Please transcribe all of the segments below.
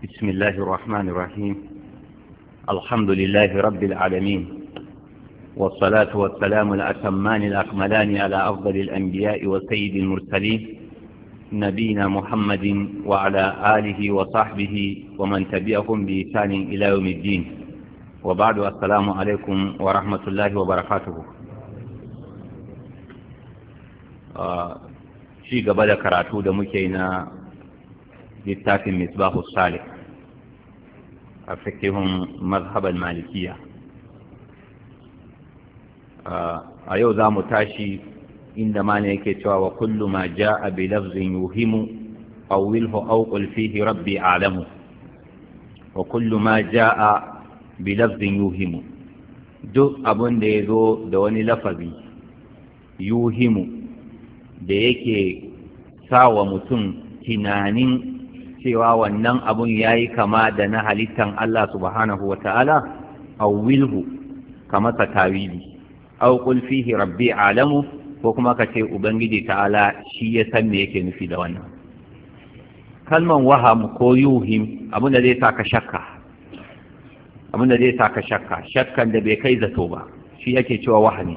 بسم الله الرحمن الرحيم الحمد لله رب العالمين والصلاة والسلام الأتمان الأكملان على أفضل الأنبياء وسيد المرسلين نبينا محمد وعلى آله وصحبه ومن تبعهم بإحسان إلى يوم الدين وبعد السلام عليكم ورحمة الله وبركاته آه شيء قبل كراتو دمكينا littafin misbahu salih a fikihun mazhaban malikiya a yau za mu tashi inda mana yake cewa wa kullu ma ja'a bi lafzin yuhimu aw wilhu aw qul fihi rabbi a'lamu wa kullu ma ja'a bi lafzin yuhimu duk abun da ya zo da wani lafazi yuhimu da yake sa wa mutum tunanin cewa wannan abun ya yi kama da na halittan Allah subhanahu wa ta'ala awwilhu ka tawili au fihi rabbi alamu ko kuma ka ce ubangiji ta'ala shi ya san me yake nufi da wannan kalman waham ko yuhim abun da zai sa ka shakka abin da zai sa ka shakka shakkan da bai kai zato ba shi yake cewa wahami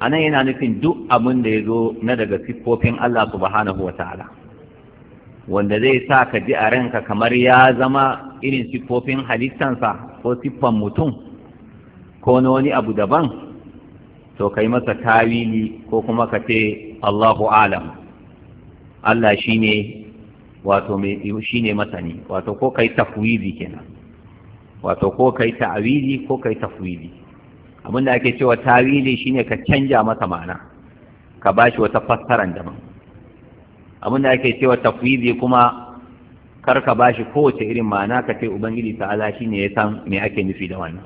nan yana nufin duk abin da ya zo na daga siffofin Allah subhanahu wa ta'ala wanda zai sa ka ji a ranka kamar ya zama irin siffofin halittansa ko siffan mutum ko na wani abu daban to kai masa tawili ko kuma ka ce Allahu alam Allah shine wato mai shine masani wato ko kai tafwidi kenan wato ko kai ta'wili ko kai tafwidi abinda ake cewa tawili shine ka canja masa ma'ana ka bashi wata fassara daban abinda ake cewa tafwizi kuma kar ka bashi kowace irin ma'ana ka ce ubangiji shi ne ya san me ake nufi da wannan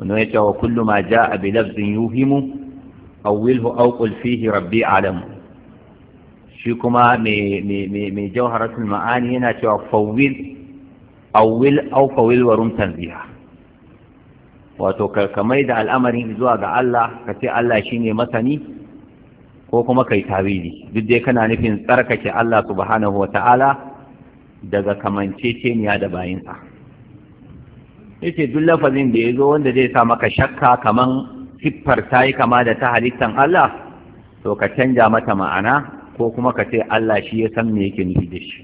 wannan ce wa kullu ma a bi lafzin yuhimu aw wilhu fihi rabbi alam shi kuma mai me me ma'ani yana cewa fawil aw fawil wa rum tanziha wato ka mai da al'amarin zuwa ga Allah ka ce Allah shine masani ko kuma kai tawili duk dai kana nufin tsarkake Allah subhanahu wa ta'ala daga kamanceceniya da bayinsa yace duk lafazin da ya zo wanda zai sa maka shakka kaman siffar ta yi kama da ta halittan Allah to ka canja mata ma'ana ko kuma ka ce Allah shi ya san me yake nufi da shi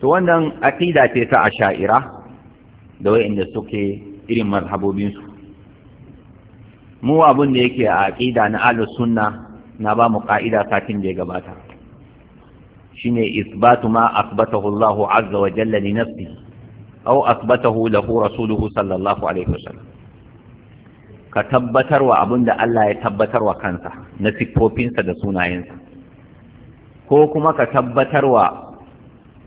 to wannan aqida ce ta asha'ira da wayanda suke irin mazhabobinsu mu abun da yake a aqida na ahlus sunna na ba mu ka'ida satin da ya gabata shine isbatu ma asbatahu Allah azza wa jalla li nafsi aw asbatahu lahu rasuluhu sallallahu alaihi wasallam ka tabbatarwa abinda Allah ya tabbatarwa kansa na siffofinsa da sunayensa ko kuma ka tabbatarwa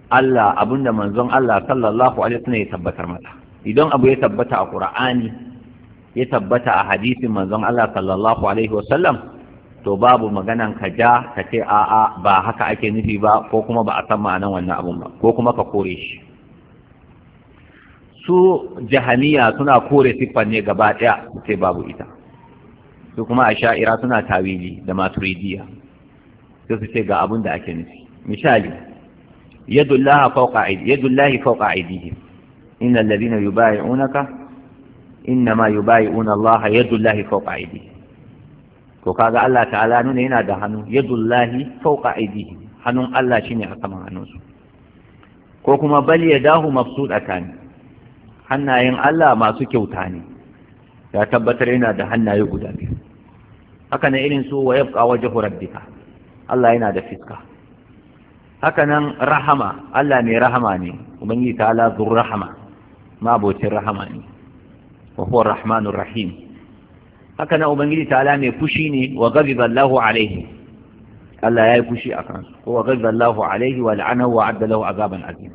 Allah abinda manzon Allah sallallahu alaihi wasallam ya tabbatar mata idan abu ya tabbata a Qur'ani ya tabbata a hadisin manzon Allah sallallahu alaihi wasallam to babu maganan ka ja ka ce a'a ba haka ake nufi ba ko kuma ba a san ma'anan wannan abun ba ko kuma ka kore shi su jahaniya suna kore siffar ne gaba ɗaya sai babu ita su kuma a sha'ira suna tawili da maturidiya sai su ce ga abun da ake nufi misali yadullahi fawqa aidi yadullahi fawqa aidihim innal ladina yubayi'unaka innama yubayi'una Allah yadullahi fawqa aidihim to kaga Allah ta'ala nuna yana da hannu yadullahi fawqa aydihim hannun Allah shine a saman hannunsu ko kuma bal yadahu mabsudatan hannayen Allah masu kyauta ne ya tabbatar yana da hannaye guda biyu haka nan irin su wa yabqa wajhu rabbika Allah yana da fiska haka nan rahama Allah mai rahama ne ubangiji ta'ala zur rahama mabocin rahama ne wa huwa rahmanur rahim haka na ubangiji ta'ala mai fushi ne wa ghadiba Allahu alaihi Allah ya yi fushi a kan ko wa ghadiba Allahu alaihi wa la'ana wa adda azaban azim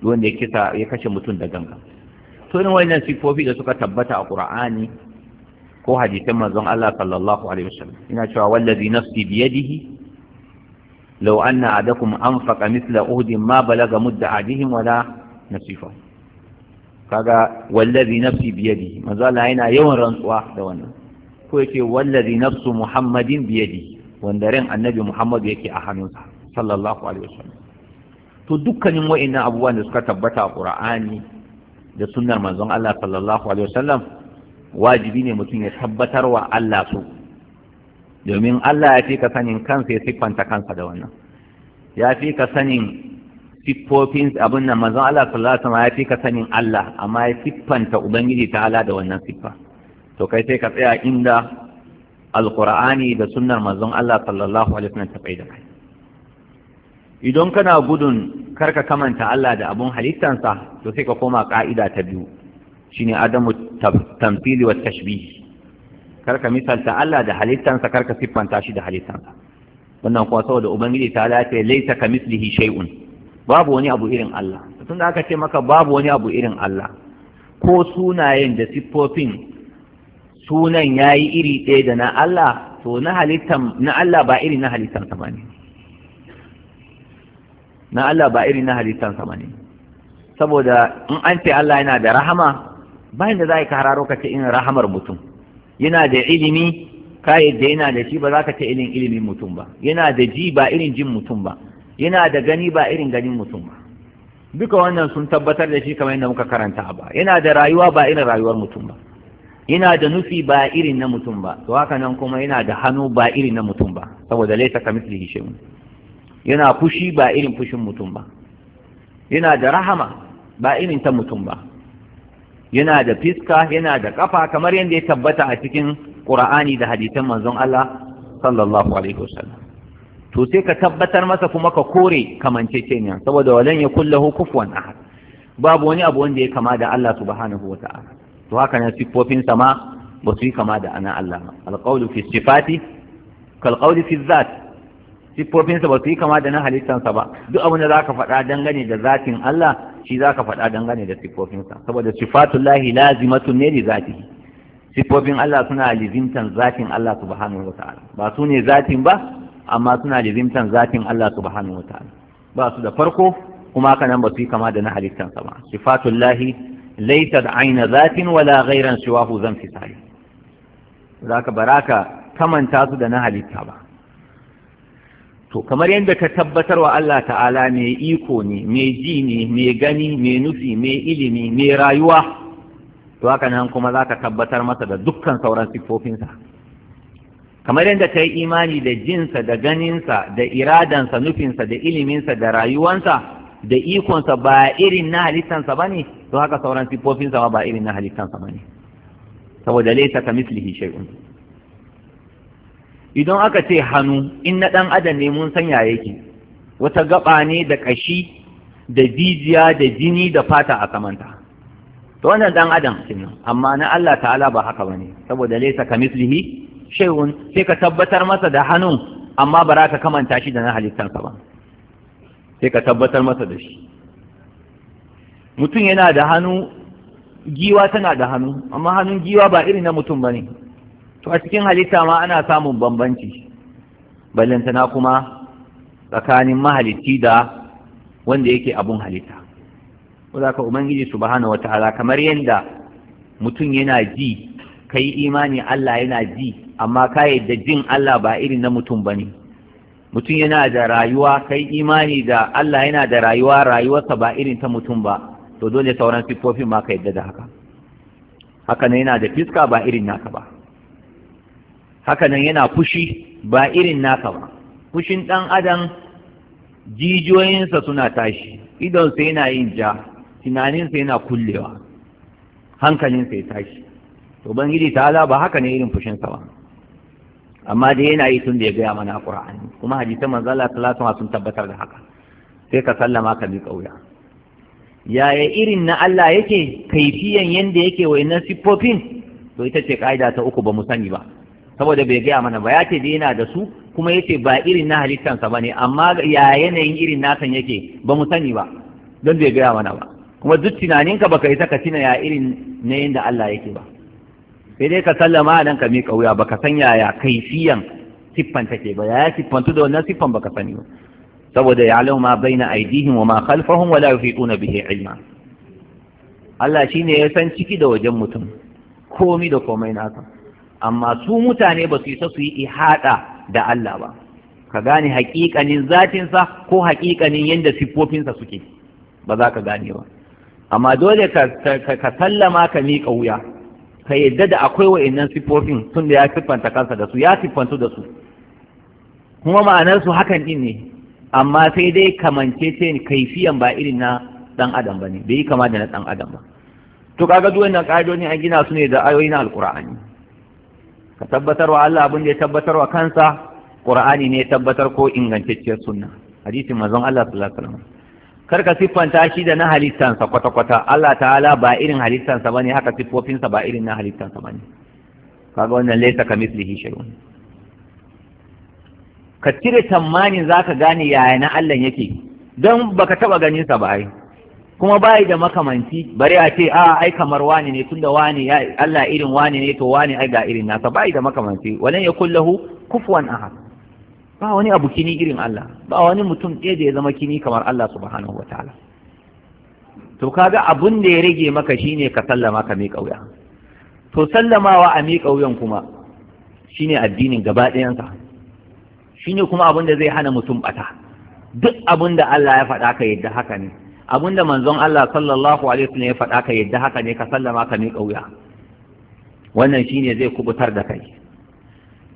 wanda ya kisa ya kashe mutum da ganga to irin wannan sifofi da suka tabbata a Qur'ani ko hadisan manzon Allah sallallahu alaihi wasallam ina cewa wallazi nafsi biyadihi لو أن أحدكم أنفق مثل أهد ما بلغ مد أحدهم ولا نصيفه kaga wallazi nafsi biyadi manzo Allah yana yawan rantsuwa da wannan ko yace wallazi nafsu muhammadin biyadi wanda ran annabi muhammad yake a hannunsa sallallahu alaihi wasallam to dukkanin wa'annan abubuwan da suka tabbata a qur'ani da sunnar manzon Allah sallallahu alaihi wasallam wajibi ne mutum ya tabbatar wa Allah su domin Allah ya fi ka sanin kansa ya siffanta kansa da wannan ya fi ka sanin siffofin abin nan manzon Allah sallallahu alaihi wasallam ya fi ka sanin Allah amma ya siffanta ubangiji ta'ala da wannan siffa to kai sai ka tsaya inda alqur'ani da sunnar manzon Allah sallallahu alaihi wasallam ta faida kai idan kana gudun karka kamanta Allah da abun halittansa to sai ka koma ka'ida ta biyu shine adamu tamthili wa tashbih karka misalta Allah da halittansa karka siffanta shi da halittansa wannan kuwa saboda ubangiji ta lafiya laisa ka mislihi shay'un babu wani abu irin Allah tunda aka ce maka babu wani abu irin Allah ko sunayen da siffofin sunan ya yi iri ɗaya da na Allah to na halittan na Allah ba iri na halittan sama ne na Allah ba iri na halittan sama ne saboda in an ce Allah yana da rahama bayan da za ka hararo ka ce in rahamar mutum yana da ilimi ka yadda yana da shi ba za ka ce irin ilimin mutum ba yana da ji ba irin jin mutum ba yana da gani ba irin ganin mutum ba duka wannan sun tabbatar da shi kamar yadda muka karanta ba yana da rayuwa ba irin rayuwar mutum ba yana da nufi ba irin na mutum ba to haka nan kuma yana da hannu ba irin na mutum ba saboda laisa ka mislihi shay'un yana fushi ba irin fushin mutum ba yana da rahama ba irin ta mutum ba yana da fiska yana da kafa kamar yadda ya tabbata a cikin qur'ani da hadisan manzon Allah sallallahu alaihi wasallam to sai ka tabbatar masa kuma ka kore kamanceceniya saboda walan yakullahu kufuwan ahad babu wani abu wanda ya kama da Allah subhanahu wata'ala to haka nan siffofin sama ba su yi kama da ana Allah ba alqawlu fi sifati kal fi zat siffofin sa ba su yi kama da na halittan sa ba duk abin da zaka faɗa dangane da zatin Allah shi zaka faɗa dangane da siffofin sa saboda sifatullahi lazimatun ne li zatihi siffofin Allah suna lizimtan zatin Allah subhanahu wataala ba su ne zatin ba amma suna lizimtan zatin Allah subhanahu wataala ba su da farko kuma haka nan ba su yi kama da na halittansa ba sifatullahi laitar aina zafin wala ghairan siwahu zan fisali zaka baraka kamanta su da na halitta ba to kamar yadda ka tabbatar wa Allah ta'ala mai iko ne mai ji ne mai gani mai nufi mai ilimi mai rayuwa to haka nan kuma za ka tabbatar masa da dukkan sauran siffofinsa kamar yadda ka yi imani da jinsa da ganinsa da iradansa nufinsa da iliminsa da rayuwansa da ikonsa ba irin na halittansa ba ne to haka sauran sifofin ba irin na halittan ba ne, saboda laysa ka mislihi shay'un idan aka ce hannu in na dan adam ne mun san yaya yake wata gaba ne da kashi da jijiya da jini da fata a samanta to wannan dan adam kenan amma na Allah ta'ala ba haka bane saboda laysa ka mislihi shay'un sai ka tabbatar masa da hannu, amma ba za ka kamanta shi da na halittansa ba sai ka tabbatar masa da shi mutum yana da hannu giwa tana da hannu amma hannun giwa ba irin na mutum ba ne to a cikin halitta ma ana samun bambanci ballantana kuma tsakanin mahalicci da wanda yake abun halitta wadda ka su ubangiji wata ala kamar yadda mutum yana ji ka yi imani Allah yana ji amma ka yadda jin Allah ba irin na mutum ba ne mutum yana da rayuwa ka yi imani da Allah yana da rayuwa rayuwarsa ba irin ta mutum ba to dole sauran siffofin ma ka yadda da haka haka nan yana da fiska ba irin naka ba haka nan yana fushi ba irin naka ba fushin ɗan adam jijiyoyinsa suna tashi idonsa yana yin ja tunaninsa yana kullewa hankalinsa ya tashi to bangiji ala ba haka ne irin fushinsa ba amma dai yana yi tun da ya gaya mana a kuma hadisan manzala talatu sun tabbatar da haka sai ka sallama ka bi ƙauya yaya irin na Allah yake kaifiyan yanda yake wayannan siffofin to ita ce ka'ida ta uku ba mu sani ba saboda bai gaya mana ba ya ce dai yana da su kuma yace ba irin na halittansa ba ne amma ya yanayin irin nasan yake ba mu sani ba don bai gaya mana ba kuma duk tunaninka baka yi saka tina ya irin na yanda Allah yake ba sai dai ka sallama nan ka miƙa wuya baka san yaya kaifiyan siffan take ba yaya siffantu da wannan siffan baka sani ba saboda ya alamu ma baina aidihin wa ma khalfahum wala yufiquna bihe ilma Allah shi ne ya san ciki da wajen mutum komi da komai naka amma su mutane ba su isa su yi ihada da Allah ba ka gane haƙiƙanin zatinsa ko haƙiƙanin yadda siffofinsa suke ba za ka gane ba amma dole ka sallama ka miƙa wuya ka yadda da akwai wa'innan siffofin tun da ya siffanta kansa da su ya siffantu da su kuma ma'anarsu hakan ɗin ne amma sai dai kamance ce kaifiyan ba irin na dan adam bane bai kama da na dan adam ba to kaga duk wannan kaidoni an gina su ne da ayoyi na alqur'ani ka tabbatar wa Allah abin da ya tabbatar wa kansa qur'ani ne ya tabbatar ko ingantacciyar sunna hadisin manzon Allah sallallahu alaihi wasallam kar ka siffanta shi da na halittansa kwata-kwata Allah ta'ala ba irin halittansa bane haka siffofinsa ba irin na halittansa bane kaga wannan laysa kamithlihi shay'un ka cire tamanin za ka gane yaya na Allah yake don baka taba ganin sa ba kuma bai da makamanci bari a ce a ah, ai kamar wani ne tunda wani ya Allah irin wani ne to wani ai ga irin nasa bai da makamanci walan yakul lahu kufuwan ahad ba wani abu kini irin Allah ba wani mutum ɗaya da ya zama kini kamar Allah subhanahu wataala to kaga abun da ya rage maka shine ka sallama ka miƙa wuya to sallamawa a miƙa wuyan kuma shine addinin gaba ɗayansa ne kuma abin da zai hana mutum bata duk abinda da Allah ya faɗa ka yadda haka ne abin da manzon Allah sallallahu alaihi wasallam ya faɗa ka yadda haka ne ka sallama ka mai kauya wannan shine zai kubutar da kai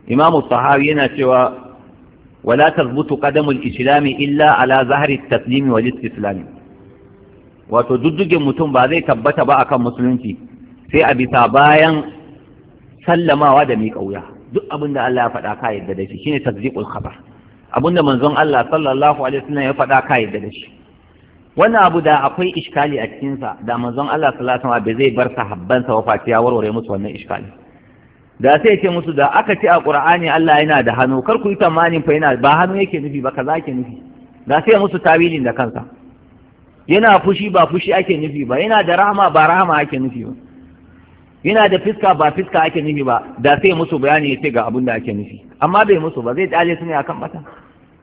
imamu sahabi yana cewa wala tazbutu qadamul islam illa ala zahri at-taslim wal istislam wato duddugen mutum ba zai tabbata ba akan musulunci sai a bisa bayan sallamawa da mai kauya duk abin da Allah ya faɗa ka yadda da shi shine tasdiqul khabar abin da manzon Allah sallallahu alaihi wasallam ya faɗa ka yadda da shi wannan abu da akwai iskali a cikin sa da manzon Allah sallallahu alaihi wasallam bai zai bar sahabban sa wafa ya warware musu wannan iskali da sai ce musu da aka ce a Qur'ani Allah yana da hannu kar ku yi tamanin fa yana ba hannu yake nufi ba kaza yake nufi da sai musu tawilin da kansa yana fushi ba fushi ake nufi ba yana da rahama ba rahama ake nufi ba yana da fiska ba fiska ake nufi ba da sai musu bayani ya ce ga abin da ake nufi amma bai musu ba zai tsale su ne akan mata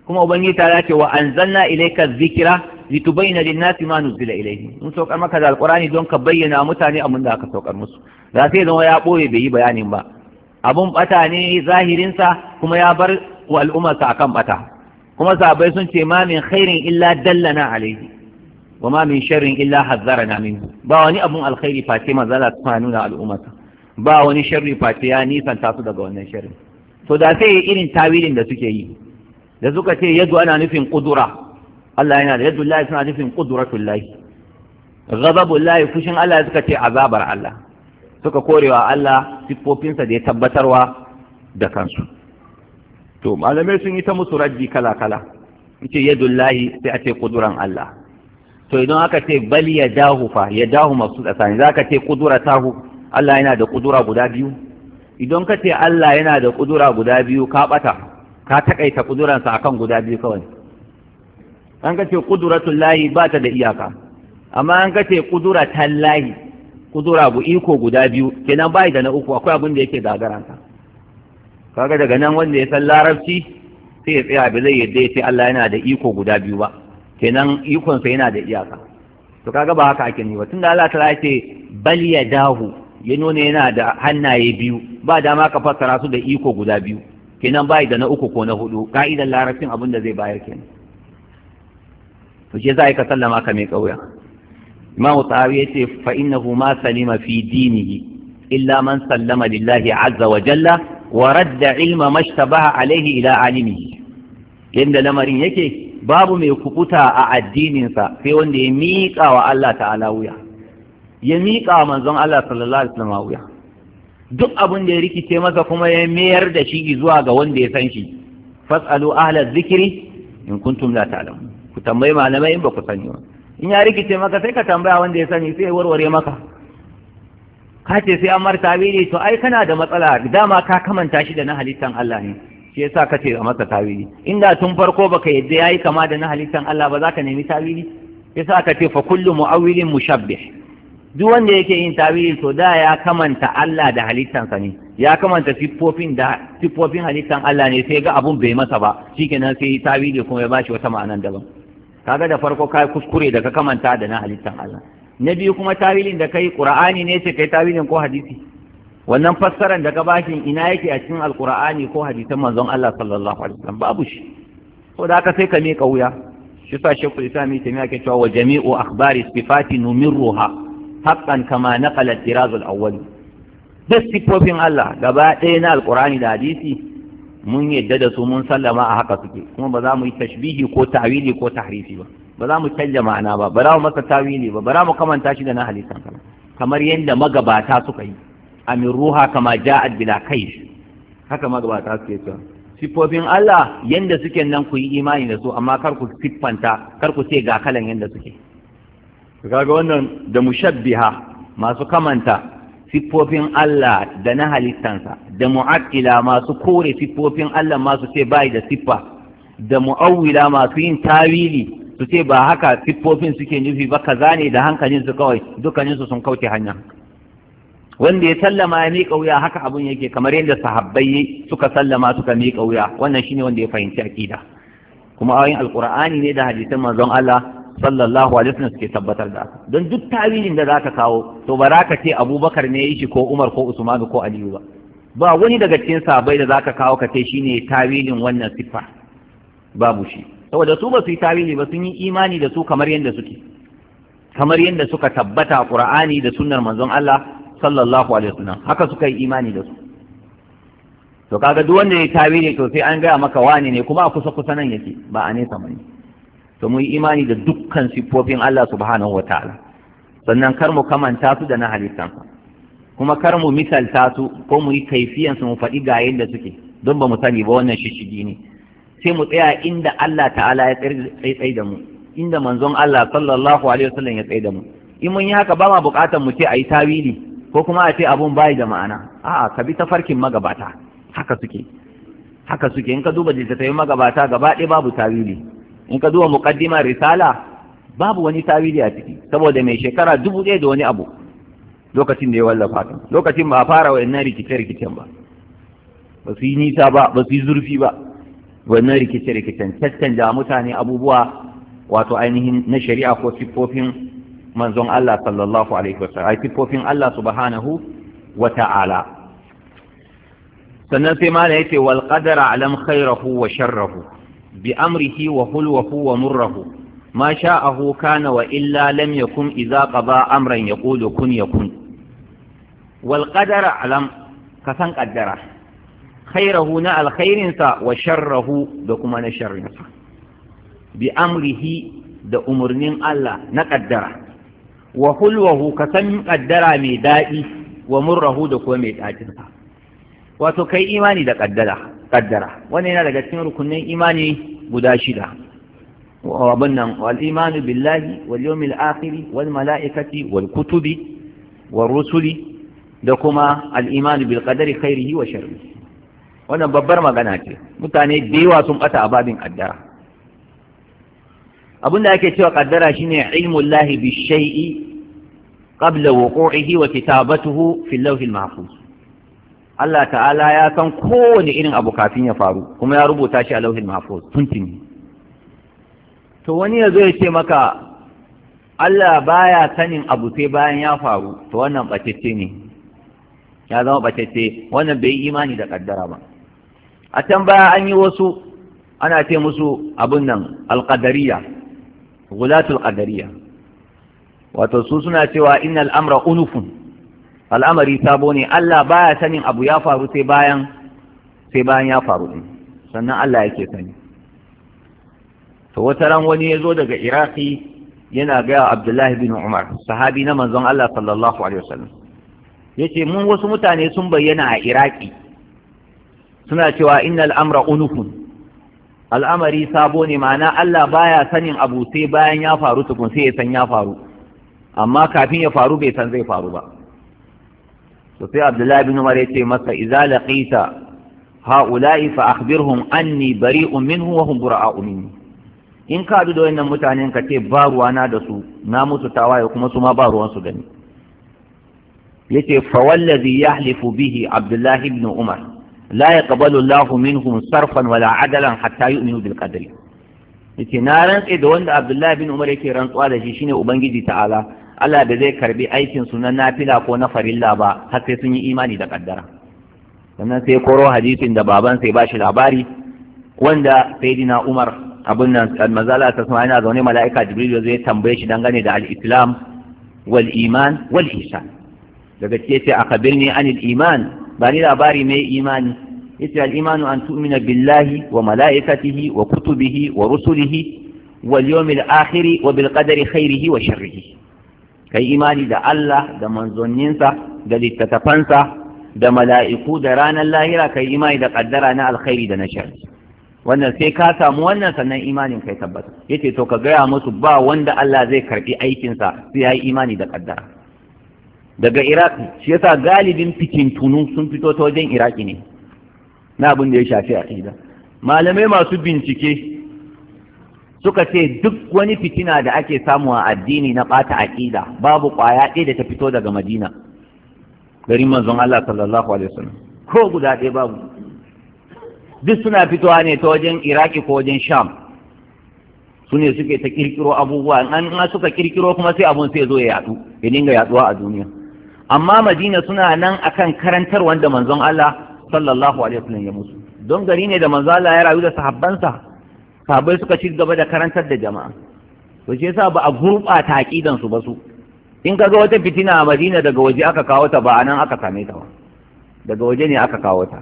kuma ubangiji ta ya ce wa anzalna ilayka dhikra litubayyana lin-nasi ma nuzila ilayhi mun saukar maka da alqurani don ka bayyana mutane abin da aka saukar musu da sai zama ya boye bai yi bayanin ba abun bata ne zahirin sa kuma ya bar wa al'ummarsa akan bata kuma sahabbai sun ce ma min khairin illa dallana alayhi wa ma min sharrin illa hazzarana minhu ba wani abun alkhairi face manzala ta nuna al'ummata ba wani sharri face ya nisanta su daga wannan sharrin to da sai irin tawilin da suke yi da suka ce yadu ana nufin kudura Allah yana da yadu Allah suna nufin kuduratul lahi ghadabul lahi fushin Allah suka ce azabar Allah suka korewa Allah siffofinsa da ya tabbatarwa da kansu to malamai sun yi ta musu raddi kala kala yace yadu Allah sai a ce kuduran Allah to idan aka ce bali ya dahu fa ya dahu masu sani za ka ce kudura tahu Allah yana da kudura guda biyu idan ka ce Allah yana da kudura guda biyu ka bata ka takaita kuduransa akan guda biyu kawai an ka ce kuduratul lahi ba ta da iyaka amma an ka ce kudura lahi kudura bu iko guda biyu kenan bai da na uku akwai abin da yake gagaranta kaga daga nan wanda ya san larabci sai ya tsaya ba zai yadda ya ce Allah yana da iko guda biyu ba kenan ikonsa yana da iyaka to kaga ba haka ake ba tunda Allah ta ce bal yadahu ya nuna yana da hannaye biyu ba dama ka fassara su da iko guda biyu kenan bai da na uku ko na hudu ka'idan larabcin abin da zai bayar kenan to shi zai ka sallama ka mai kauya imamu tsawi ya ce fa innahu ma salima fi dinihi illa man sallama lillahi azza wa jalla wa radda ilma mashtabaha alaihi ila alimihi yanda lamarin yake babu mai kukuta a addininsa sai wanda ya miƙa wa Allah ta'ala wuya ya miƙa wa manzon Allah sallallahu alaihi wasallam wuya duk abin da ya rikice masa kuma ya mayar da shi zuwa ga wanda ya san shi fasalu ahla zikiri in kuntum la ta'lamun ku tambayi malamai in ba ku sani ba in ya rikice maka sai ka tambaya wanda ya sani sai ya warware maka ka ce sai an ne to ai kana da matsala dama ka kamanta shi da na halittan Allah ne shi yasa ka ce a masa tawili da tun farko baka yadda yi kama da na halittan Allah ba za ka nemi tawili yasa ka ce fa kullu mu mushabbih duk wanda yake yin tawili to da ya kamanta Allah da sa ne ya kamanta siffofin da halittan Allah ne sai ga abun bai masa ba shikenan sai yi tawili kuma ya bashi wata ma'anan daban kaga da farko ka kuskure da ka kamanta da na halittan Allah na biyu kuma tawilin da kai Qur'ani ne sai kai tawilin ko hadisi wannan fassaran daga bakin ina yake a cikin alkur'ani ko hadisan manzon Allah sallallahu alaihi wasallam babu shi ko da aka sai ka miƙa wuya shi sa shekul islami ya tafi ake cewa wa jami'u akhbari sifati numirruha haqqan kama naqala tiraz al-awwal duk sifofin Allah gaba ɗaya na alkur'ani da hadisi mun yadda da su mun sallama a haka suke kuma ba za mu yi tashbihi ko ta'wili ko tahrifi ba ba za mu canja ma'ana ba ba za mu masa tawili ba ba za mu kamanta shi da na hadisan kamar yadda magabata suka yi Amin ruha kama Ja'ad bila kai. haka ta suke cewa sifofin Allah yanda suke nan ku yi imani da su amma kar ku siffanta kar ku ce ga kalan yanda suke kaga wannan da mushabbiha masu kamanta siffofin Allah da na halittansa da mu'attila masu kore siffofin Allah masu ce bai da siffa da mu'awwila masu yin tawili su ce ba haka siffofin suke nufi ba kaza ne da hankalin su kawai dukkaninsu sun kauce hanya wanda ya sallama ya miƙa wuya haka abun yake kamar yadda sahabbai suka sallama suka miƙa wuya wannan shine wanda ya fahimci aqida kuma ayoyin alqur'ani ne da hadisin manzon Allah sallallahu alaihi wasallam suke tabbatar da haka don duk tawilin da zaka kawo to ba za ka ce Abubakar ne ya yi shi ko Umar ko Usman ko Aliyu ba ba wani daga cikin sahabbai da zaka kawo ka ce shine tawilin wannan sifa babu shi saboda su ba su yi tawili ba sun yi imani da su kamar yadda suke kamar yadda suka tabbata Qur'ani da sunnar manzon Allah sallallahu alaihi wasallam haka suka yi imani da su to kaga duk wanda ya tawili to sai an gaya maka wani ne kuma a kusa kusa nan yake ba a nesa samani. to mu yi imani da dukkan sifofin Allah subhanahu wataala sannan kar mu kamanta su da na halittansa kuma kar mu misalta su ko mu yi su mu faɗi ga yadda suke don ba mu sani ba wannan shishigi ne sai mu tsaya inda Allah ta'ala ya tsaitsai da mu inda manzon Allah sallallahu alaihi wasallam ya tsaye da mu in mun yi haka ba ma bukatan mu ce ayi tawili ko kuma a ce abun bai da ma'ana a'a ka bi ta farkin magabata haka suke haka suke in ka duba littattafai magabata gaba ɗaya babu tawili in ka duba muƙaddimar risala babu wani tawili a ciki saboda mai shekara dubu ɗaya da wani abu lokacin da ya wallafa ta lokacin ba a fara wa'annan rikice-rikicen ba ba su yi nisa ba ba su yi zurfi ba wannan rikice-rikicen caccanja mutane abubuwa wato ainihin na shari'a ko siffofin manzon Allah sallallahu alaihi wasallam ai sifofin Allah subhanahu wa ta'ala sannan sai mala yace wal qadara alam khairahu wa sharrahu bi amrihi wa hulwahu wa murrahu ma sha'ahu kana wa illa lam yakun idza qada amran yaqulu kun yakun wal qadara alam ka san qaddara khairahu na alkhairinsa wa sharrahu da kuma na sharrinsa bi amrihi da umarnin Allah na ƙaddara wa hulwahu ka san kaddara mai daɗi wa murrahu da kuma mai ɗacin wato kai imani da kaddara kaddara wannan yana daga cikin rukunin imani guda shida abin nan wal imanu billahi wal yawmil akhir wal mala'ikati wal kutubi wal rusuli da kuma al imanu bil qadari khairihi wa wannan babbar magana ce mutane da yawa sun bata a babin kaddara abin da ake cewa kaddara shine ilmullahi bi shay'i qabla wuqu'ihi wa kitabatuhu fil lawhil mahfuz Allah ta'ala ya san kowane irin abu kafin ya faru kuma ya rubuta shi a lauhin mahfuz tuntuni to wani ya zo ya ce maka Allah baya sanin abu sai bayan ya faru to wannan bacece ne ya zama bacece wannan bai yi imani da kaddara ba a can baya an yi wasu ana ce musu abun nan alqadariya gulatul qadariya wato su suna cewa innal amra unufun al'amari sabo ne Allah baya sanin abu ya faru sai bayan sai bayan ya faru din sannan Allah yake sani to wata ran wani ya zo daga Iraki yana ga Abdullahi bin Umar sahabi na manzon Allah sallallahu alaihi wasallam yace mun wasu mutane sun bayyana a Iraki suna cewa innal amra unufun al'amari sabo ne ma'ana Allah baya sanin abu sai bayan ya faru tukun sai ya san ya faru amma kafin ya faru bai san zai faru ba to sai abdullahi bin umar yace masa idza laqita haula'i fa akhbirhum anni bari'un minhu wa hum bura'u minni in ka da wannan mutanen ka ce ba ruwana da su na musu tawaye kuma su ma ba ruwan su gani yace fa wallazi yahlifu bihi abdullahi ibn umar la yaqbalu sarfan wala adalan hatta na rantse da wanda abdullahi ibn umar yake rantsuwa da shi shine ubangiji ta'ala Allah da zai karbi aikin su na nafila ko na farilla ba har sai sun yi imani da kaddara sannan sai koro hadisin da baban sai ba shi labari wanda sayyidina Umar abun nan mazala ta sama yana zaune mala'ika Jibril zai tambaye shi dangane da al-Islam wal iman wal ihsan daga cikin sai akabirni anil iman ba ni labari mai imani yace al imanu an tu'mina billahi wa mala'ikatihi wa kutubihi wa rusulihi wal yawmil akhir wa bil qadari khairihi wa sharrihi kai imani da Allah da manzonninsa da littattafansa da mala'iku da ranar lahira kai imani da kaddara na alkhairi da na shari wannan sai ka samu wannan sannan imanin kai tabbata yace to ka gaya musu ba wanda Allah zai karbi aikinsa sai ya yi imani da kaddara daga iraq shi yasa galibin tunu sun fito ta wajen iraki ne na abin da ya shafi aqida malamai masu bincike suka ce duk wani fitina da ake samu a addini na ɓata aƙida babu ƙwaya ɗaya da ta fito daga madina garin manzon Allah sallallahu alaihi wasallam ko guda ɗaya babu duk suna fitowa ne ta wajen iraki ko wajen sham su ne suke ta kirkiro abubuwa an suka kirkiro kuma sai abun sai zo ya yadu ya dinga yaduwa a duniya amma madina suna nan akan karantar wanda manzon Allah sallallahu alaihi wasallam ya musu don gari ne da manzon Allah ya rayu da sahabbansa sabai suka ci gaba da karantar da jama'a to shi yasa ba a gurɓata aqidan su ba su in ka ga wata fitina a Madina daga waje aka kawo ta ba anan aka same ta ba daga waje ne aka kawo ta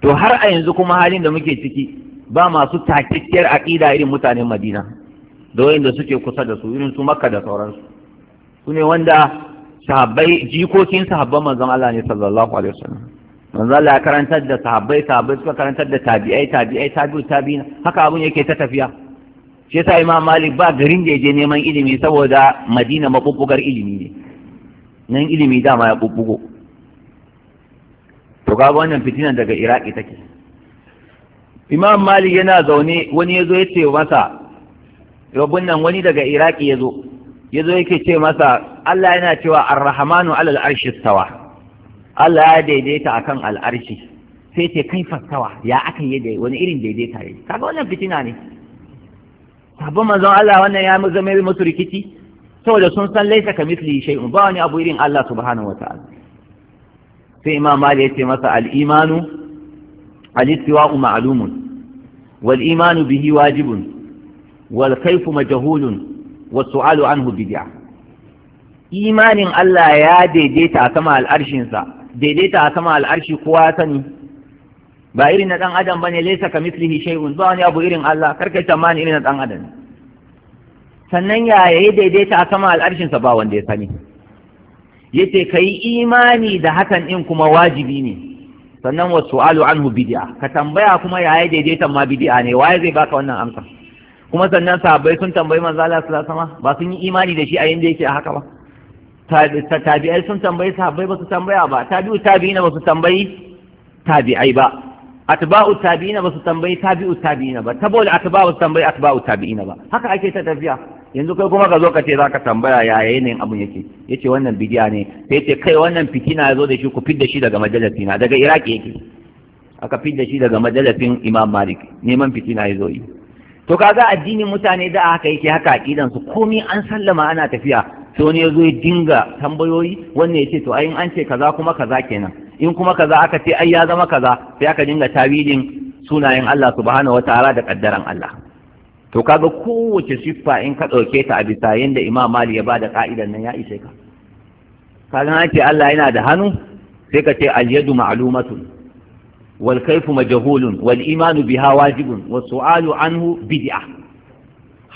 to har a yanzu kuma halin da muke ciki ba masu takikkiyar aqida irin mutanen Madina da wanda suke kusa da su irin su Makka da sauransu su ne wanda sahabbai jikokin sahabban manzon Allah ne sallallahu alaihi wasallam manzo Allah ya karantar da sahabbai sahabbai suka karantar da tabi'ai tabi'ai tabi'u tabi'in haka abun yake ta tafiya shi yasa Imam Malik ba garin da yaje neman ilimi saboda Madina mabubbugar ilimi ne nan ilimi dama ya bubbugo to ga wannan fitinan daga Iraki take Imam Malik yana zaune wani yazo ya ce masa rabun nan wani daga Iraki yazo yazo yake ce masa Allah yana cewa Ar-Rahmanu 'alal arshi stawa Allah ya daidaita akan al'arshi sai ce kai fastawa ya aka yi wani irin daidaita ya kaga wannan fitina ne sabon manzon Allah wannan ya zama musu rikici saboda sun san laisa ka misli shay'un ba wani abu irin Allah subhanahu wata'ala sai imam Malik ya ce masa al-imanu al-istiwa'u ma'lumun wal imanu bihi wajibun wal kayfu majhulun was su'alu anhu bid'ah imanin Allah ya daidaita a sama al'arshinsa daidaita a sama al'arshi kowa ya sani ba irin na dan adam bane laysa mislihi shay'un ba wani abu irin Allah karkai tamani irin na dan adam sannan ya yayi daidaita a sama al'arshin sa ba wanda ya sani yace kai imani da hakan din kuma wajibi ne sannan wa su'alu anhu bid'a ka tambaya kuma ya yayi daidaita ma bid'a ne waye zai baka wannan amsa kuma sannan sahabbai sun tambayi manzo Allah sallallahu alaihi wasallam ba sun yi imani da shi a yanda yake a haka ba tabi'ai sun tambayi sahabbai ba su tambaya ba tabi'u tabi'ina ba su tambayi tabi'ai ba atba'u tabi'ina ba su tambayi tabi'u tabi'ina ba tabo atba ba su tambayi atba'u tabi'ina ba haka ake ta tafiya yanzu kai kuma ka zo ka ce za ka tambaya ya yanayin abun yake yace wannan bidiya ne sai ce kai wannan fitina ya zo da shi ku fidda shi daga majalisi na daga iraki yake aka fidda shi daga majalisin imam malik neman fitina ya zo yi to kaga addinin mutane da aka yake haka aqidan su komai an sallama ana tafiya sai wani ya zo ya dinga tambayoyi wannan ya ce to ayin an ce kaza kuma kaza kenan in kuma kaza aka ce ai ya zama kaza sai aka dinga tawilin sunayen Allah subhanahu wataala da kaddaran Allah to kaga kowace siffa in ka ɗauke ta a bisa yanda Imam Mali ya bada kaidar nan ya ishe ka kaga an ce Allah yana da hannu sai ka ce al-yadu ma'lumatun wal kayfu majhulun wal imanu biha wajibun was su'alu anhu bid'ah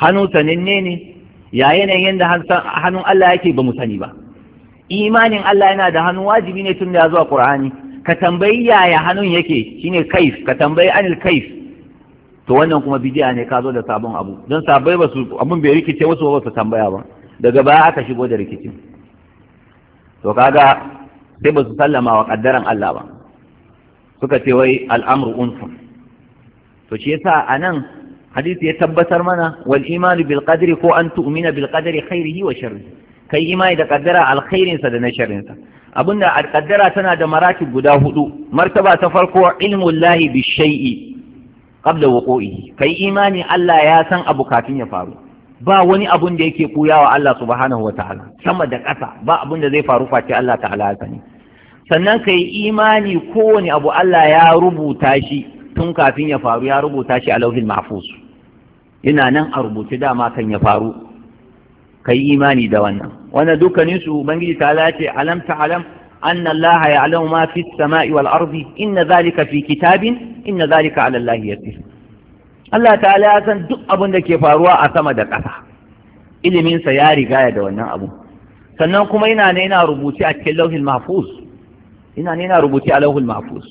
hannu sananne ne ya yanayin da hannun Allah yake ba mu sani ba imanin Allah yana da hannun wajibi ne tun da ya zuwa Qur'ani ka tambayi yaya hannun yake shine kaif ka tambayi anil kaif to wannan kuma bidiya ne ka zo da sabon abu don sabai ba su abun bai rikice wasu ba su tambaya ba daga baya aka shigo da rikicin to kaga sai ba su sallama wa kaddaran Allah ba suka ce wai al'amru unsun to shi yasa anan hadisi ya tabbatar mana wal imanu bil ko an tu'umina bilkadari qadri khairihi wa sharrihi kai imani da kaddara alkhairin da na sharrin sa abinda tana da maratib guda hudu martaba ta farko ilmu llahi bi shay'i kai imani Allah ya san abu kafin ya faru ba wani abun da yake kuyawa Allah subhanahu wataala sama da ƙasa ba abun da zai faru face Allah ta'ala ya sannan kai imani kowane abu Allah ya rubuta shi tun kafin ya faru ya rubuta shi a lauhin mahfuz yana nan a rubuce dama kan ya faru Ka yi imani da wannan wannan dukkanin su ubangiji ta lace alam ta alam anna Allah ya alamu ma fi sama'i wal ardi inna zalika fi kitabin inna zalika ala Allah yasir Allah ta'ala ya san duk abin da ke faruwa a sama da ƙasa iliminsa ya rigaya da wannan abu sannan kuma yana ne yana rubuce a cikin lauhin mahfuz yana ne yana rubuce a lauhin mahfuz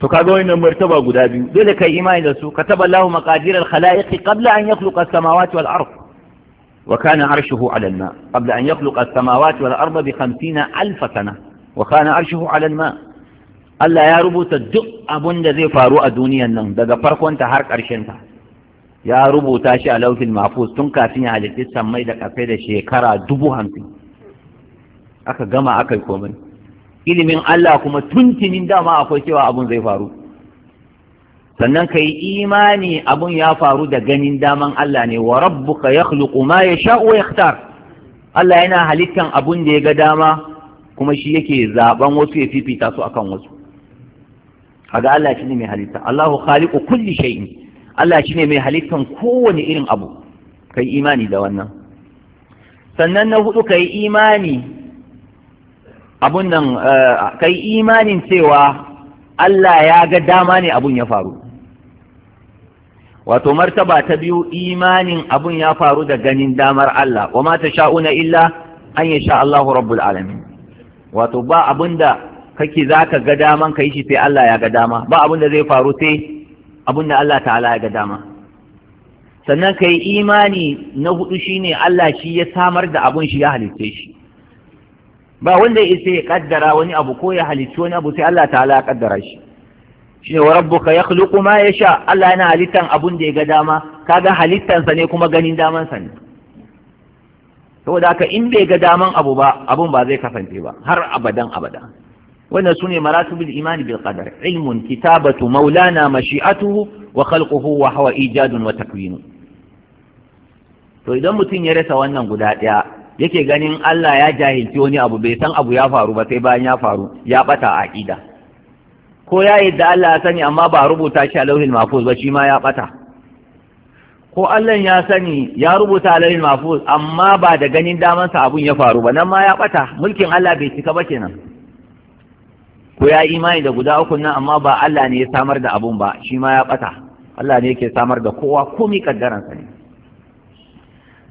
to kaga wannan martaba guda biyu dole kai imani da su kataba Allahu maqadir al-khalaiq qabla an yakhluqa as-samawati wal ard wa kana arshuhu 'ala al-ma qabla an yakhluqa as-samawati wal ard bi 50 alf sana wa kana arshuhu 'ala al-ma Allah ya rubuta duk abun da zai faru a duniyan nan daga farkon ta har ƙarshen ta ya rubuta shi a lauhin mahfuz tun kafin ya halitta sammai da kafai da shekara dubu hamsin aka gama aka yi komai ilimin Allah kuma tuntunin dama akwai cewa abun zai faru sannan ka yi imani abun ya faru da ganin daman Allah ne wa rabbuka yakhluqu ma sha'u wa yakhtar Allah yana halittan abun da ya ga dama kuma shi yake zaben wasu ya fifita su akan wasu kaga Allah shi ne mai halitta Allahu khaliqu kulli shay'in Allah shi ne mai halittan kowane irin abu kai imani da wannan sannan na hudu kai imani abun nan eh, kai imanin cewa Allah ya ga dama ne abun ya faru wato martaba ta biyu imanin abun ya faru da ganin damar Allah wa ma tasha'una illa an yasha Allahu rabbul alamin wato ba abunda kake zaka ga daman kai shi sai Allah ya ga dama ba abunda zai faru sai abunda Allah ta'ala ya ga dama sannan kai imani na hudu shine Allah shi ya samar da abun shi ya halitte shi ba wanda isa ya kaddara wani abu ko ya halicci wani abu sai Allah ta'ala ya kaddara shi ne wa rabbuka yakhluqu ma yasha Allah yana halittan abun da ya ga dama kaga halittansa ne kuma ganin daman sa ne saboda haka in bai ga daman abu ba abun ba zai kasance ba har abadan abada wannan sune maratibul imani bil qadar ilmun kitabatu maulana mashi'atuhu wa khalquhu wa huwa ijadun wa takwinu to idan mutum ya rasa wannan guda daya yake ganin Allah ya jahilci wani abu bai san abu ya faru ba sai bayan ya faru ya bata a aqida ko ya yadda Allah ya sani amma ba rubuta shi a lauhin mafuz ba shi ma ya bata ko Allah ya sani ya rubuta a lauhin mafuz amma ba da ganin daman sa abun ya faru ba nan ma ya bata mulkin Allah bai cika ba kenan ko ya imani da guda uku nan amma ba Allah ne ya samar da abun ba shi ma ya bata Allah ne yake samar da kowa komai kaddaransa ne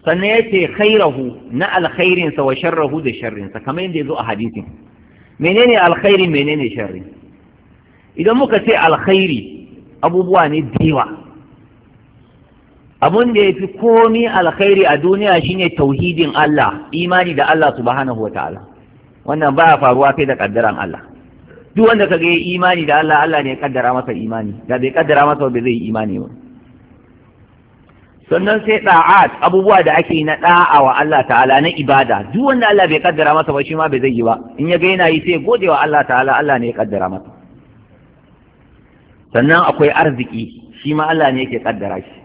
sannan ya ce khairahu na alkhairinsa wa sharrahu da sharrinsa kamar yadda ya zo a hadisin menene alkhairi menene sharri idan muka ce alkhairi abubuwa ne dewa abun da ya fi komi alkhairi a duniya shine tauhidin Allah imani da Allah subhanahu wa ta'ala wannan baya faruwa sai da kaddaran Allah duk wanda kaga imani da Allah Allah ne ya kaddara masa imani da bai kaddara masa ba zai yi imani ba sannan sai da'at abubuwa da ake na da'a wa Allah ta'ala na ibada duk wanda Allah bai kaddara masa ba shi ma bai zai yi ba in ya ga yana yi sai gode wa Allah ta'ala Allah ne ya kaddara masa sannan akwai arziki shi ma Allah ne yake kaddara shi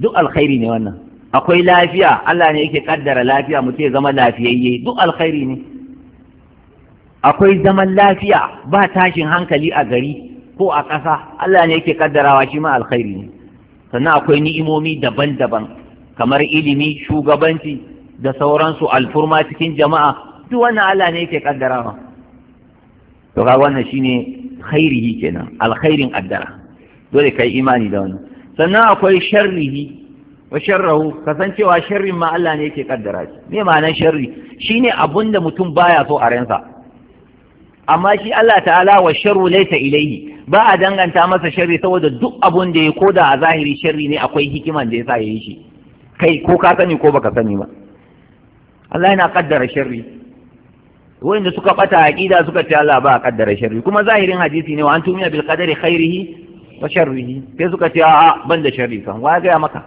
duk alkhairi ne wannan akwai lafiya Allah ne yake kaddara lafiya mu ce zama lafiyayye duk alkhairi ne akwai zaman lafiya ba tashin hankali a gari ko a ƙasa Allah ne yake kaddarawa shi ma alkhairi ne sannan akwai ni'imomi daban-daban kamar ilimi shugabanci da sauransu alfurma cikin jama'a duk wannan Allah ne yake kaddara kaddarawa to ga wannan shine khairihi kenan alkhairin addara dole kai imani da wannan sannan akwai sharrihi wa sharrahu kasancewa sharrin ma Allah ne yake kaddara shi me ma'anar sharri shine abunda mutum baya so a ransa amma shi Allah ta'ala wa sharru laysa ilayhi ba a danganta masa sharri saboda duk abun da ya koda a zahiri sharri ne akwai hikiman da yasa yayi shi kai ko ka sani ko baka sani ba Allah yana kaddara sharri wanda suka bata aqida suka ce Allah ba kaddara sharri kuma zahirin hadisi ne wa antumina bil qadari khairihi wa sharrihi sai suka ce a'a ban da sharri kan wa ga maka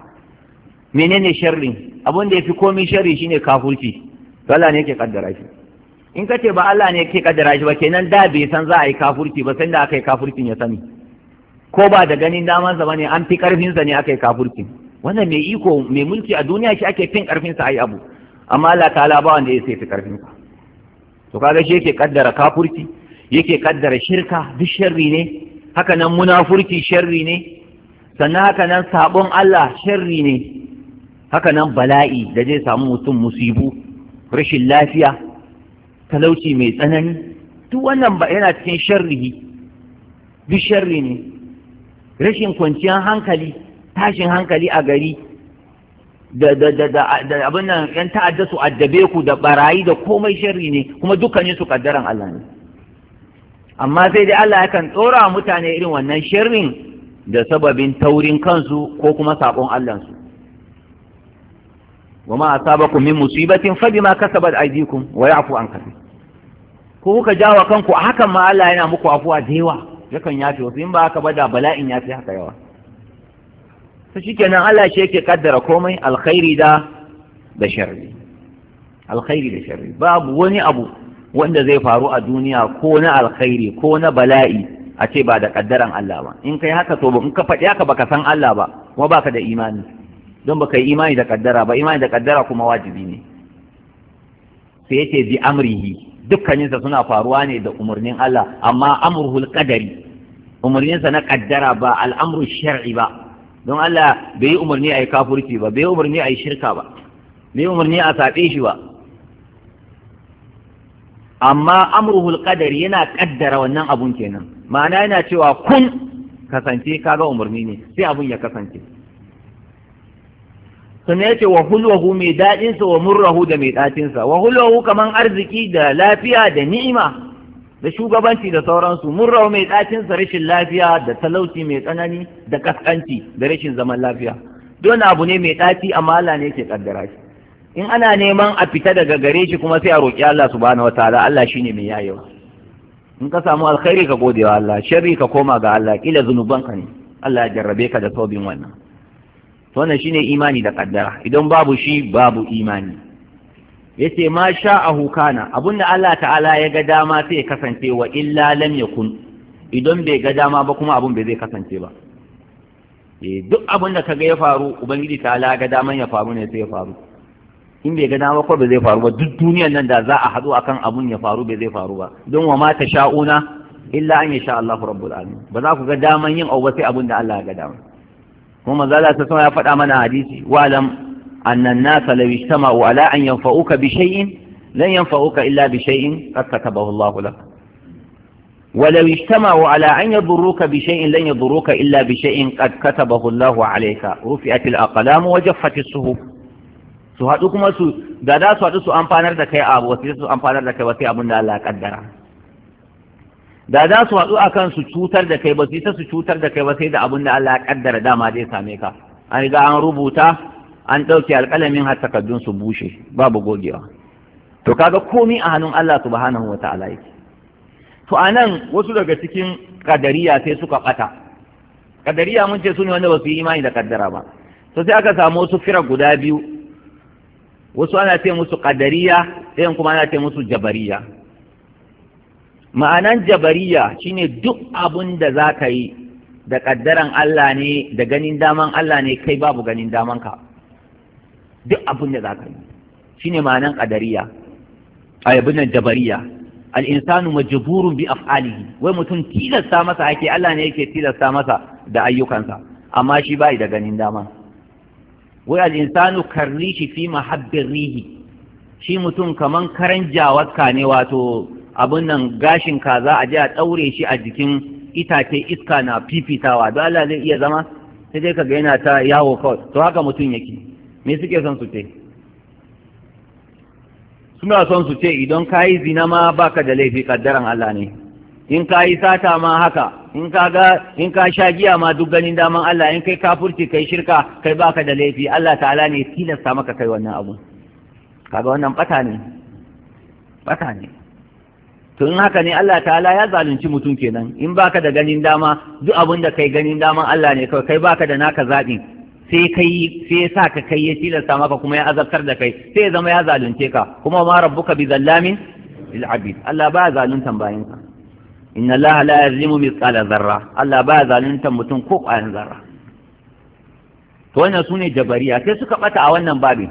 menene sharri abun da yafi komai sharri shine kafurci Allah ne yake kaddara shi in ka ce ba Allah ne ke kaddara shi ba kenan da bai san za a yi kafurci ba sai da aka yi kafurcin ya sani ko ba da ganin daman sa bane an fi karfin sa ne aka yi kafurci wannan mai iko mai mulki a duniya shi ake fin karfin sa ayi abu amma Allah ta'ala ba wanda ya sai fi karfin sa to kaga shi yake kaddara kafurci yake kaddara shirka duk sharri ne haka nan munafurci sharri ne sannan haka nan sabon Allah sharri ne haka nan bala'i da zai samu mutum musibu rashin lafiya talauci mai tsanani duk wannan ba yana cikin sharrihi duk sharri ne rashin kwanciyar hankali tashin hankali a gari da abin nan yan ta'adda su addabe ku da barayi da komai sharri ne kuma dukkanin su kaddaran Allah ne amma sai dai Allah yakan tsora mutane irin wannan sharrin da sababin taurin kansu ko kuma saƙon su wa ma asabakum min musibatin fa bima kasabat aydikum wa ya'fu an kathir ko kuka jawa kanku a hakan ma Allah yana muku afuwa da yawa yakan yafe wasu in ba haka da bala'in yafi haka yawa to shikenan Allah shi yake kaddara komai alkhairi da da sharri babu wani abu wanda zai faru a duniya ko na alkhairi ko na bala'i a ce ba da Allah ba in kai haka to in ka san Allah ba kuma baka da imani don baka yi imani da kaddara ba imani da kaddara kuma wajibi ne sai yace bi amrihi dukkaninsa suna faruwa ne da umarnin Allah amma amruhul qadari umarninsa na kaddara ba al'amru shar'i ba don Allah bai yi umarni a yi kafurci ba bai yi umarni a yi shirka ba bai yi umarni a saɓe shi ba amma amruhul qadari yana kaddara wannan abun kenan ma'ana yana cewa kun kasance kaga umarni ne sai abun ya kasance sannan ce wa hulwahu mai daɗinsa wa murrahu da mai ɗacinsa wa hulwahu kamar arziki da lafiya da ni'ima da shugabanci da sauransu murrahu mai ɗacinsa rashin lafiya da talauci mai tsanani da kaskanci da rashin zaman lafiya don abu ne mai ɗaci amma Allah ne ke kaddara shi in ana neman a fita daga gare shi kuma sai a roƙi Allah subhanahu wataala Allah shine mai yayewa in ka samu alkhairi ka gode wa Allah sharri ka koma ga Allah kila zunubanka ne Allah ya jarrabe ka da saubin wannan wannan shine imani da kaddara idan babu shi babu imani yace ma sha sha'ahu kana abunda Allah ta'ala ya ga dama sai ya kasance wa illa lam yakun idan bai ga dama ba kuma abun bai zai kasance ba eh duk abun da kaga ya faru ubangiji ta'ala ga daman ya faru ne sai ya faru in bai ga dama ko bai zai faru ba duk duniyar nan da za a haɗu akan abun ya faru bai zai faru ba don wa ma tasha'una illa an yasha Allahu rabbul alamin ba za ku ga daman yin abu sai abun da Allah ya ga dama kuma manzo Allah sallallahu ya faɗa mana hadisi Wa walam annan nasa law ijtama'u ala an yanfa'uka bi shay'in lan yanfa'uka illa bi shay'in qad katabahu Allah lak ولو اجتمعوا على أن يضروك بشيء لن يضروك إلا بشيء قد كتبه الله عليك رفعت الأقلام وجفت الصحف su haɗu kuma su da da su haɗu su amfanar da kai abu wasu su amfanar da kai wasu abin da Allah ya kaddara da za su haɗu akan su cutar da kai ba su ta su cutar da kai ba sai da abin da Allah ya kaddara dama zai same ka an riga an rubuta an ɗauke alƙalamin har takardun su bushe babu gogewa to kaga komi a hannun Allah subhanahu ta'ala yake to anan wasu daga cikin kadariya sai suka ɓata kadariya mun ce su ne wanda ba su yi imani da kaddara ba to sai aka samu wasu fira guda biyu wasu ana ce musu kadariya ɗayan kuma ana ce musu jabariya ma'anan jabariya shine duk abun da za ka yi da ƙaddaran Allah ne da ganin daman Allah ne kai babu ganin daman ka duk abun da za ka yi shine ma'anan ƙadariya a yabin jabariya al'insanu majburun bi af'alihi wai mutum tilasta masa ake Allah ne yake tilasta masa da ayyukansa amma shi bai da ganin dama wai al'insanu karrishi fi mahabbin rihi shi mutum kaman karan jawaska ne wato abin nan gashin kaza a je a ɗaure shi a jikin itace iska na fifitawa don Allah zai iya zama sai dai kaga yana ta yawo kawai to haka mutum yake me suke son su ce suna son su ce idan ka yi zina ma baka da laifi kaddaran Allah ne in ka yi sata ma haka in ka ga in ka sha giya ma duk ganin daman Allah in kai kafurci kai shirka kai baka da laifi Allah ta'ala ne tilasta maka kai wannan abu kaga wannan bata ne bata ne tun haka ne Allah ta'ala ya zalunci mutum kenan in baka da ganin dama duk abin da kai ganin daman Allah ne kawai kai baka da naka zaɓin sai kai sai sa ka kai ya tilasta maka kuma ya azabtar da kai sai ya zama ya zalunce ka kuma ma rabbuka bi zallamin lil abid Allah ba zaluntan ka inna Allah la yazlimu mithqala zarra Allah ba zaluntan mutum ko ƙwayan zarra to wannan su ne jabariya sai suka bata a wannan babin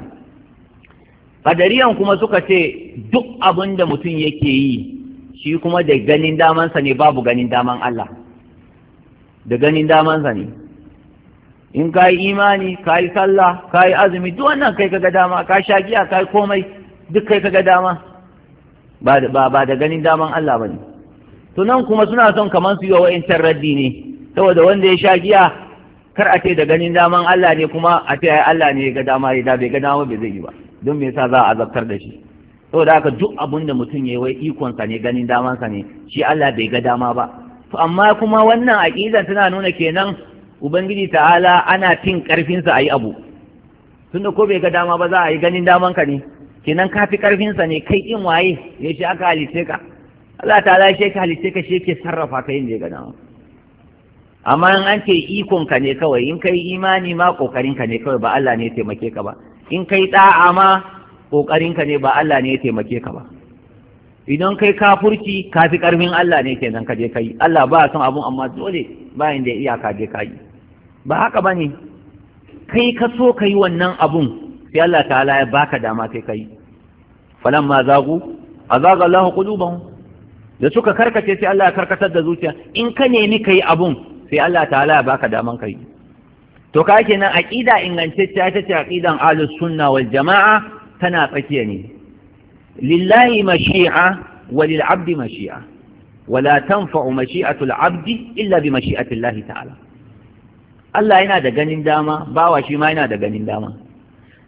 kadariyan kuma suka ce duk abin da mutum yake yi shi kuma da ganin damansa ne babu ganin daman Allah da ganin damansa ne in ka yi imani ka yi sallah ka yi azumi duk wannan kai kaga dama ka sha giya ka yi komai duk kai kaga dama ba da ganin daman Allah ba ne to nan kuma suna son kamar su yi wa wa'incan raddi ne saboda wanda ya sha giya kar a ce da ganin daman Allah ne kuma a ce ai Allah ne ya ga dama ya da bai ga dama bai zai yi ba don me yasa za a azabtar da shi da aka duk abun da mutum ya wai ikonsa ne ganin daman sa ne shi Allah bai ga dama ba to amma kuma wannan aqidan tana nuna kenan ubangiji ta'ala ana tin karfin sa ayi abu tunda ko bai ga dama ba za a yi ganin daman ka ne kenan ka fi karfin sa ne kai in waye ne shi aka halice ka Allah ta'ala shi ka halice ka shi yake sarrafa ka ne ya ga dama amma in an ce ikon ka ne kawai in kai imani ma kokarin ka ne kawai ba Allah ne ya taimake ka ba in kai da'a ma ƙoƙarinka ne ba Allah ne ya taimake ka ba idan kai kafurci ka fi ƙarfin Allah ne kenan ka je ka yi Allah ba son abun amma dole bayan da iya ka je ka yi ba haka ba ne kai ka so ka yi wannan abun sai Allah ta'ala ya baka dama sai ka yi falamma zagu azaga Allahu qulubahum da suka karkace sai Allah ya karkatar da zuciya in ka nemi kai abun sai Allah ta'ala ya baka daman kai to ka kenan aqida ingantacciya ita ce aqidan ahlus sunna wal jama'a tana tsakiya ne lillahi mashi'a wa abdi mashi'a wala tanfa'u mashi'atu abdi illa bi mashi'atillahi ta'ala Allah yana da ganin dama bawa shi ma yana da ganin dama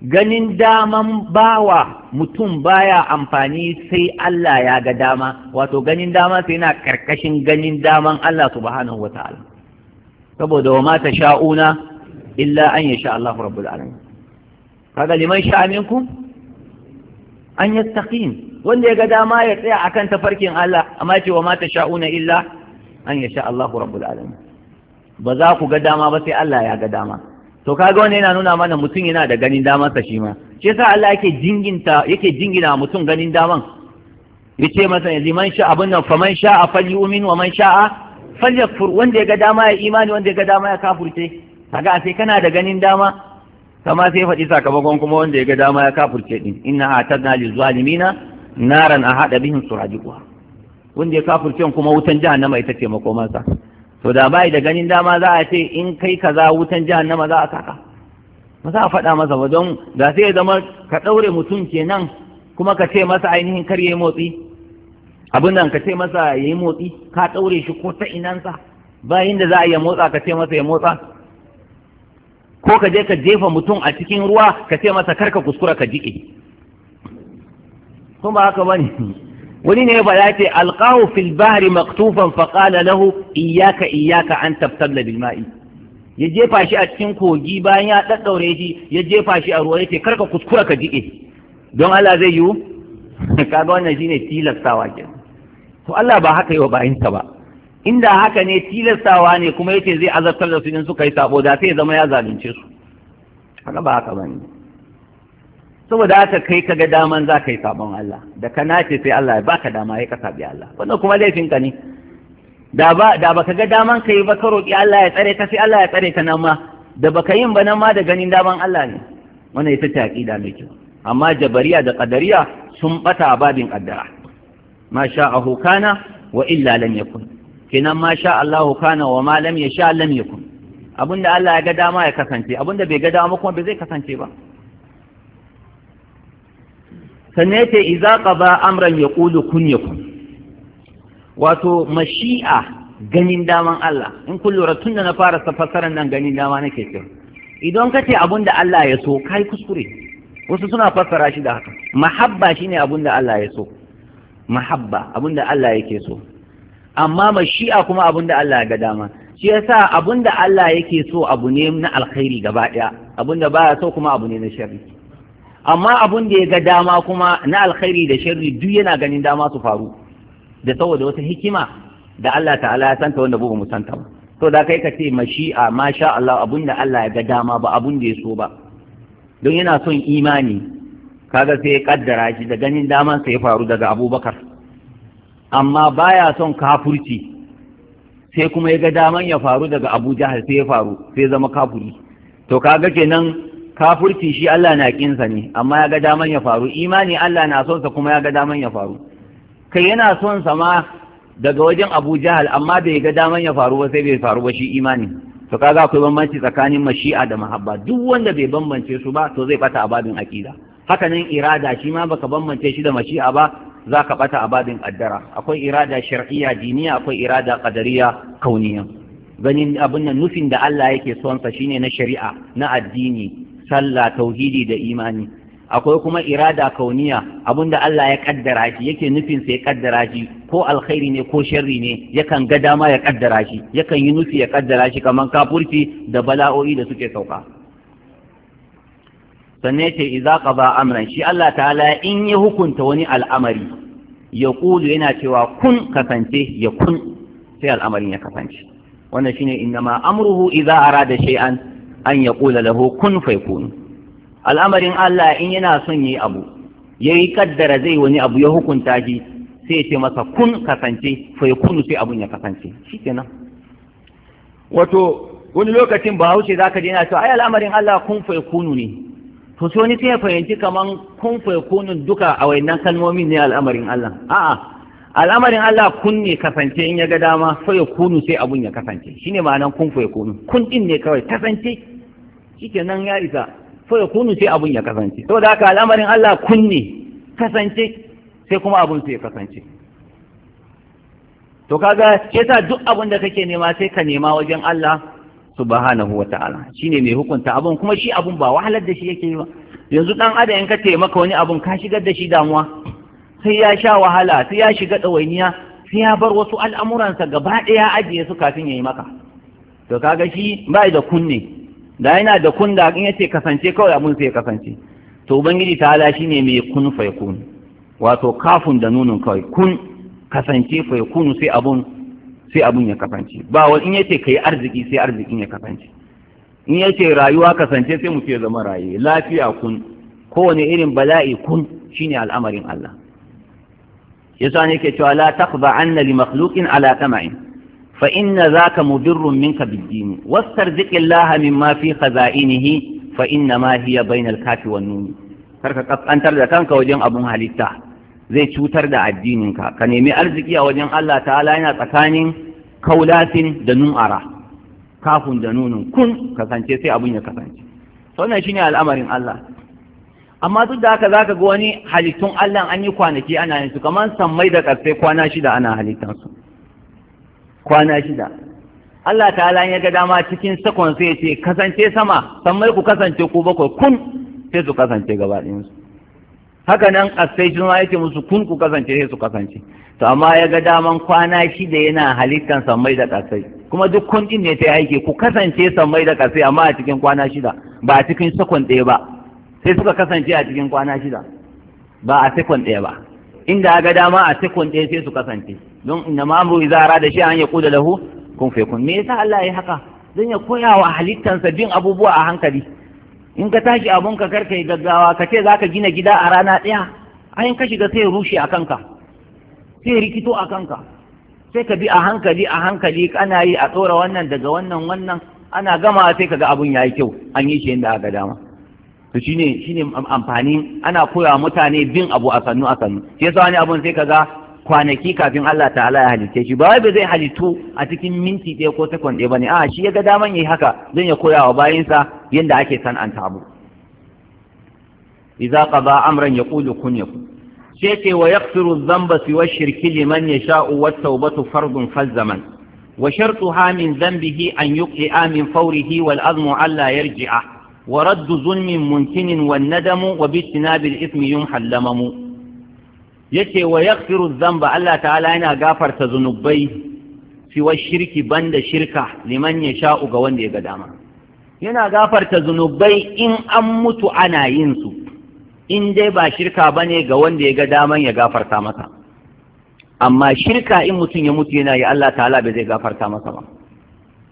ganin daman bawa mutum baya amfani sai Allah ya ga dama wato ganin dama sai yana karkashin ganin daman Allah subhanahu wata'ala ta'ala saboda wa ma sha'una illa an yasha Allahu rabbul alamin kaga liman sha'a an yastaqim wanda ya ga dama ya tsaya akan tafarkin Allah amma ce wa mata sha'una illa an yasha Allahu rabbul alamin ba za ku ga dama ba sai Allah ya ga dama to kaga wanda yana nuna mana mutum yana da ganin sa shi ma shi yasa Allah yake jinginta yake jingina mutum ganin daman yace masa yanzu. Man sha abun nan faman sha'a umin wa man sha'a falyakfur wanda ya ga dama ya imani wanda ya ga dama ya kafurce kaga sai kana da ganin dama kama sai faɗi sakamakon kuma wanda ya ga dama ya kafurce din inna na lil zalimina naran bihin su suradiquha wanda ya kafurce kuma wutan jahannama ita ce makomansa to da bai da ganin dama za a ce in kai kaza wutan jahannama za a kaka. ba za a faɗa masa ba don da sai ya zama ka ɗaure mutum kenan kuma ka ce masa ainihin kar yayi motsi abin nan ka ce masa yayi motsi ka ɗaure shi ko ta inansa bayan da za a iya motsa ka ce masa ya motsa ko ka je ka jefa mutum a cikin ruwa ka ce masa karka kuskura ka jiƙe ba haka bane wani ne ba ya ce alqahu fil bahri maktufan fa qala lahu iyyaka iyyaka an tabtalla bil ma'i ya jefa shi a cikin kogi bayan ya daddaure shi ya jefa shi a ruwa yace karka kuskura ka jiƙe don Allah zai yiwu kaga wannan shine tilastawa kenan to Allah ba haka yi wa bayinsa ba inda haka ne tilastawa ne kuma yace zai azabtar da su in suka yi sabo da sai zama ya zalunce su haka ba haka bane saboda haka kai kaga daman za ka yi sabon Allah da ka nace sai Allah ya baka dama ya kasa bi Allah wannan kuma laifin ka ne da ba da baka ga daman kai ba ka roki Allah ya tsare ka sai Allah ya tsare ka nan ma da baka yin ba nan ma da ganin daman Allah ne wannan ita ta aqida mai kyau amma jabariya da qadariya sun bata babin qaddara ma sha'ahu kana wa illa lam yakun kenan ma sha Allahu kana wa ma lam yasha lam yakun abinda Allah ya ga dama ya kasance abinda bai ga dama kuma bai zai kasance ba sannan yace idza qada amran yaqulu kun yakun wato mashi'a ganin daman Allah in kun lura tun da na fara fassarar nan ganin dama nake cewa idan ka ce abinda Allah ya so kai kuskure wasu suna fassara shi da haka mahabba shine abinda Allah ya so mahabba abinda Allah yake so amma mashi'a kuma abin da Allah ya ga dama shi yasa abin da Allah yake so abu ne na alkhairi gaba daya abin da baya so kuma abu ne na sharri amma abin da ya ga dama kuma na alkhairi da sharri duk yana ganin dama su faru da saboda wata hikima da Allah ta'ala ya santa wanda ba mu santa ba to da kai ka ce mashi'a masha Allah abin da Allah ya ga dama ba abin da ya so ba don yana son imani kaga sai ya kaddara shi da ganin daman sa ya faru daga Abubakar amma baya son kafurci sai kuma ya ga daman ya faru daga abu jahal sai ya faru sai zama kafuri to kaga kenan kafurci shi Allah na kinsa ne amma ya ga daman ya faru imani Allah na son sa kuma ya ga daman ya faru kai yana son sa ma daga wajen abu jahal amma bai ga daman ya faru ba sai bai faru ba shi imani to kaga akwai bambanci tsakanin mashi'a da mahabba duk wanda bai bambance su ba to zai bata babin aqida haka nan irada shi ma baka bambance shi da mashi'a ba za ka bata a babin akwai irada shar'iyya diniya akwai irada qadariya kauniya ganin abin nan nufin da Allah yake son sa shine na shari'a na addini sallah tauhidi da imani akwai kuma irada kauniya abinda Allah ya kaddara shi yake nufin sa ya kaddara shi ko alkhairi ne ko sharri ne yakan ga dama ya kaddara shi yakan yi nufi ya kaddara shi kaman kafurci da bala'o'i da suke sauka sannan ce idza qada amran shi Allah ta'ala in ya hukunta wani al'amari ya kulu yana cewa kun kasance ya kun sai al'amarin ya kasance wannan shine ma amruhu idza arada shi an ya yaqula lahu kun fayakun al'amarin Allah in yana son yi abu ya yi kaddara zai wani abu ya hukunta shi sai ya ce masa kun kasance fayakun sai abun ya kasance shikenan wato wani lokacin ba hauce ka je yana cewa ai al'amarin Allah kun fayakunu ne to sai ni sai ya fahimci kaman kun kunun duka a wayannan kalmomin ne al'amarin Allah a'a al'amarin Allah kun ne kasance in ya ga dama fa ya kunu sai abun ya kasance shine ma'anan kun fa kunu kun din ne kawai kasance nan ya isa fa ya kunu sai abun ya kasance saboda haka al'amarin Allah kun ne kasance sai kuma abun sai ya kasance to kaga yasa duk abun da kake nema sai ka nema wajen Allah subhanahu wa ta'ala shine mai hukunta abun kuma shi abun ba wahalar da shi yake yi ba yanzu dan adam in ka taimaka wani abun ka shigar da shi damuwa sai ya sha wahala sai ya shiga ɗawainiya sai ya bar wasu al'amuransa gaba ɗaya ajiye su kafin ya yi maka to kaga shi ba da kunne da yana da kun da in yace kasance kawai abun sai ya kasance to ubangiji ta'ala shine mai kun fa yakun wato kafun da nunun kawai kun kasance fa yakunu sai abun sai abun ya kasance ba wani in yace kai arziki sai arzikin ya kasance in yace rayuwa kasance sai mu ce zama raye lafiya kun kowane irin bala'i kun shine al'amarin Allah yasa ne yake cewa la taqba anna li makhluqin ala tama'in fa inna zaka mudirrun minka bid-din wastarziq Allah mimma fi khaza'inihi fa inna ma hiya bainal kafi wan nun karka kaskantar da kanka wajen abun halitta zai cutar da addininka ka nemi arziki a wajen Allah ta'ala yana tsakanin kaulatin da nun'ara kafin da nunun kun kasance sai abun ya kasance wannan shine al'amarin Allah amma duk da haka zaka ga wani halittun Allah an yi kwanaki ana yin su kamar sammai da ƙarfe kwana shida ana halittan su kwana shida Allah ta'ala ya ga dama cikin sakon sai ya ce kasance sama sammai ku kasance ku bakwai kun sai su kasance gaba ɗayansu haka nan asai shi yake musu kun ku kasance sai su kasance to amma ya ga daman kwana shida yana halittan samai da kasai kuma duk kun din ne ta aiki ku kasance samai da kasai amma a cikin kwana shida ba a cikin sakon ɗaya ba sai suka kasance a cikin kwana shida ba a sakon ɗaya ba inda ga dama a sakon ɗaya sai su kasance don inna ma amru idza arada shay'an yaqulu lahu kun kun me yasa Allah ya haka dan ya koya wa halittansa bin abubuwa a hankali in ka tashi abun ka karka yi gaggawa ka ce za ka gina gida a rana ɗaya ayin ka shiga sai rushe a kanka sai rikito a kanka sai ka bi a hankali a hankali ana yi a tsora wannan daga wannan wannan ana gama sai ka ga abun ya yi kyau an yi shi yadda aka dama to shine shine amfani ana koya mutane bin abu a sannu a sannu shi yasa wani abun sai ka ga kwanaki kafin Allah ta'ala ya halitte shi ba wai ba zai halittu a cikin minti ɗaya ko sekon ɗaya bane a shi ya ga daman yayi haka zan ya koya wa bayinsa yadda ake an abu idza qada amran yaqulu kun yakun sai ce wa yaghfiru dhanba siwa shirki liman yasha'u wat tawbatu fardun fal zaman wa shartuha min dhanbihi an yuqli'a min fawrihi wal azmu alla yarji'a ورد ظلم ممكن والندم وباجتناب ismi يمحى اللمم yake wa yaghfiru dhanba Allah ta'ala yana gafarta zunubai siwa shirki banda shirka liman sha'u ga wanda ya ga dama yana gafarta zunubai in an mutu ana yin su in dai ba shirka bane ga wanda ya ga daman ya gafarta masa amma shirka in mutum ya mutu yana yi Allah ta'ala bai zai gafarta masa ba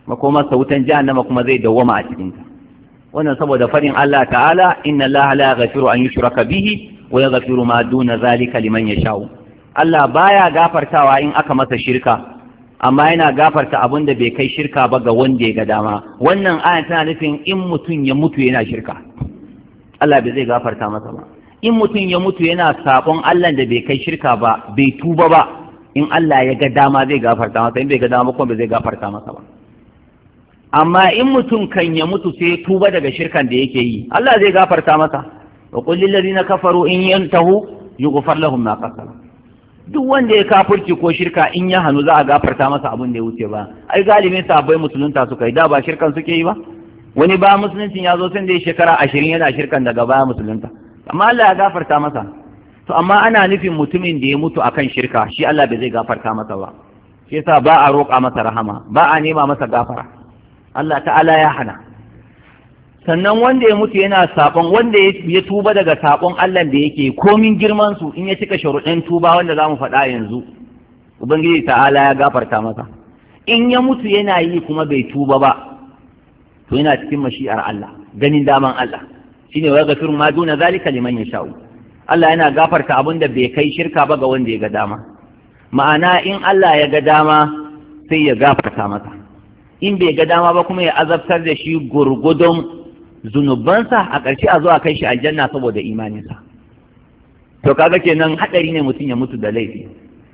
makoma sautan jahannama kuma zai dawwama a cikinta wannan saboda farin Allah ta'ala inna Allah la yaghfiru an yushraka bihi wa zafiru ma duna zalika liman sha'u. Allah baya gafartawa in aka masa shirka amma yana gafarta abin da bai kai shirka ba ga wanda ya ga dama wannan aya tana nufin in mutum ya mutu yana shirka Allah bai zai gafarta masa ba in mutum ya mutu yana sabon Allah da bai kai shirka ba bai tuba ba in Allah ya ga dama zai gafarta masa in bai ga dama kuma bai zai gafarta masa ba amma in mutum kan ya mutu sai tuba daga shirkan da yake yi Allah zai gafarta masa wa qul lil ladina kafaru in yantahu yughfar lahum ma qasala duk wanda ya kafirci ko shirka in ya hanu za a gafarta masa abin da ya wuce ba ai galibin sabai musulunta suka yi da ba shirkan suke yi ba wani ba musuluncin ya zo sun da shekara ashirin yana shirkan daga baya musulunta amma Allah ya gafarta masa to amma ana nufin mutumin da ya mutu akan shirka shi Allah bai zai gafarta masa ba shi yasa ba a roƙa masa rahama ba a nema masa gafara Allah ta'ala ya hana sannan wanda ya mutu yana sabon wanda ya tuba daga sabon Allah da yake komin girmansu, in ya cika sharuɗin tuba wanda za mu faɗa yanzu ubangiji ta'ala ya gafarta masa in ya mutu yana yi kuma bai tuba ba to yana cikin mashi'ar Allah ganin daman Allah shine wa yaghfiru ma duna zalika liman yasha'u Allah yana gafarta abin bai kai shirka ba ga wanda ya ga dama ma'ana in Allah ya ga dama sai ya gafarta masa in bai ga dama ba kuma ya azabtar da shi gurgudun zunubansa a ƙarshe a zo a kai shi aljanna saboda imaninsa to kaga kenan haɗari ne mutum ya mutu da laifi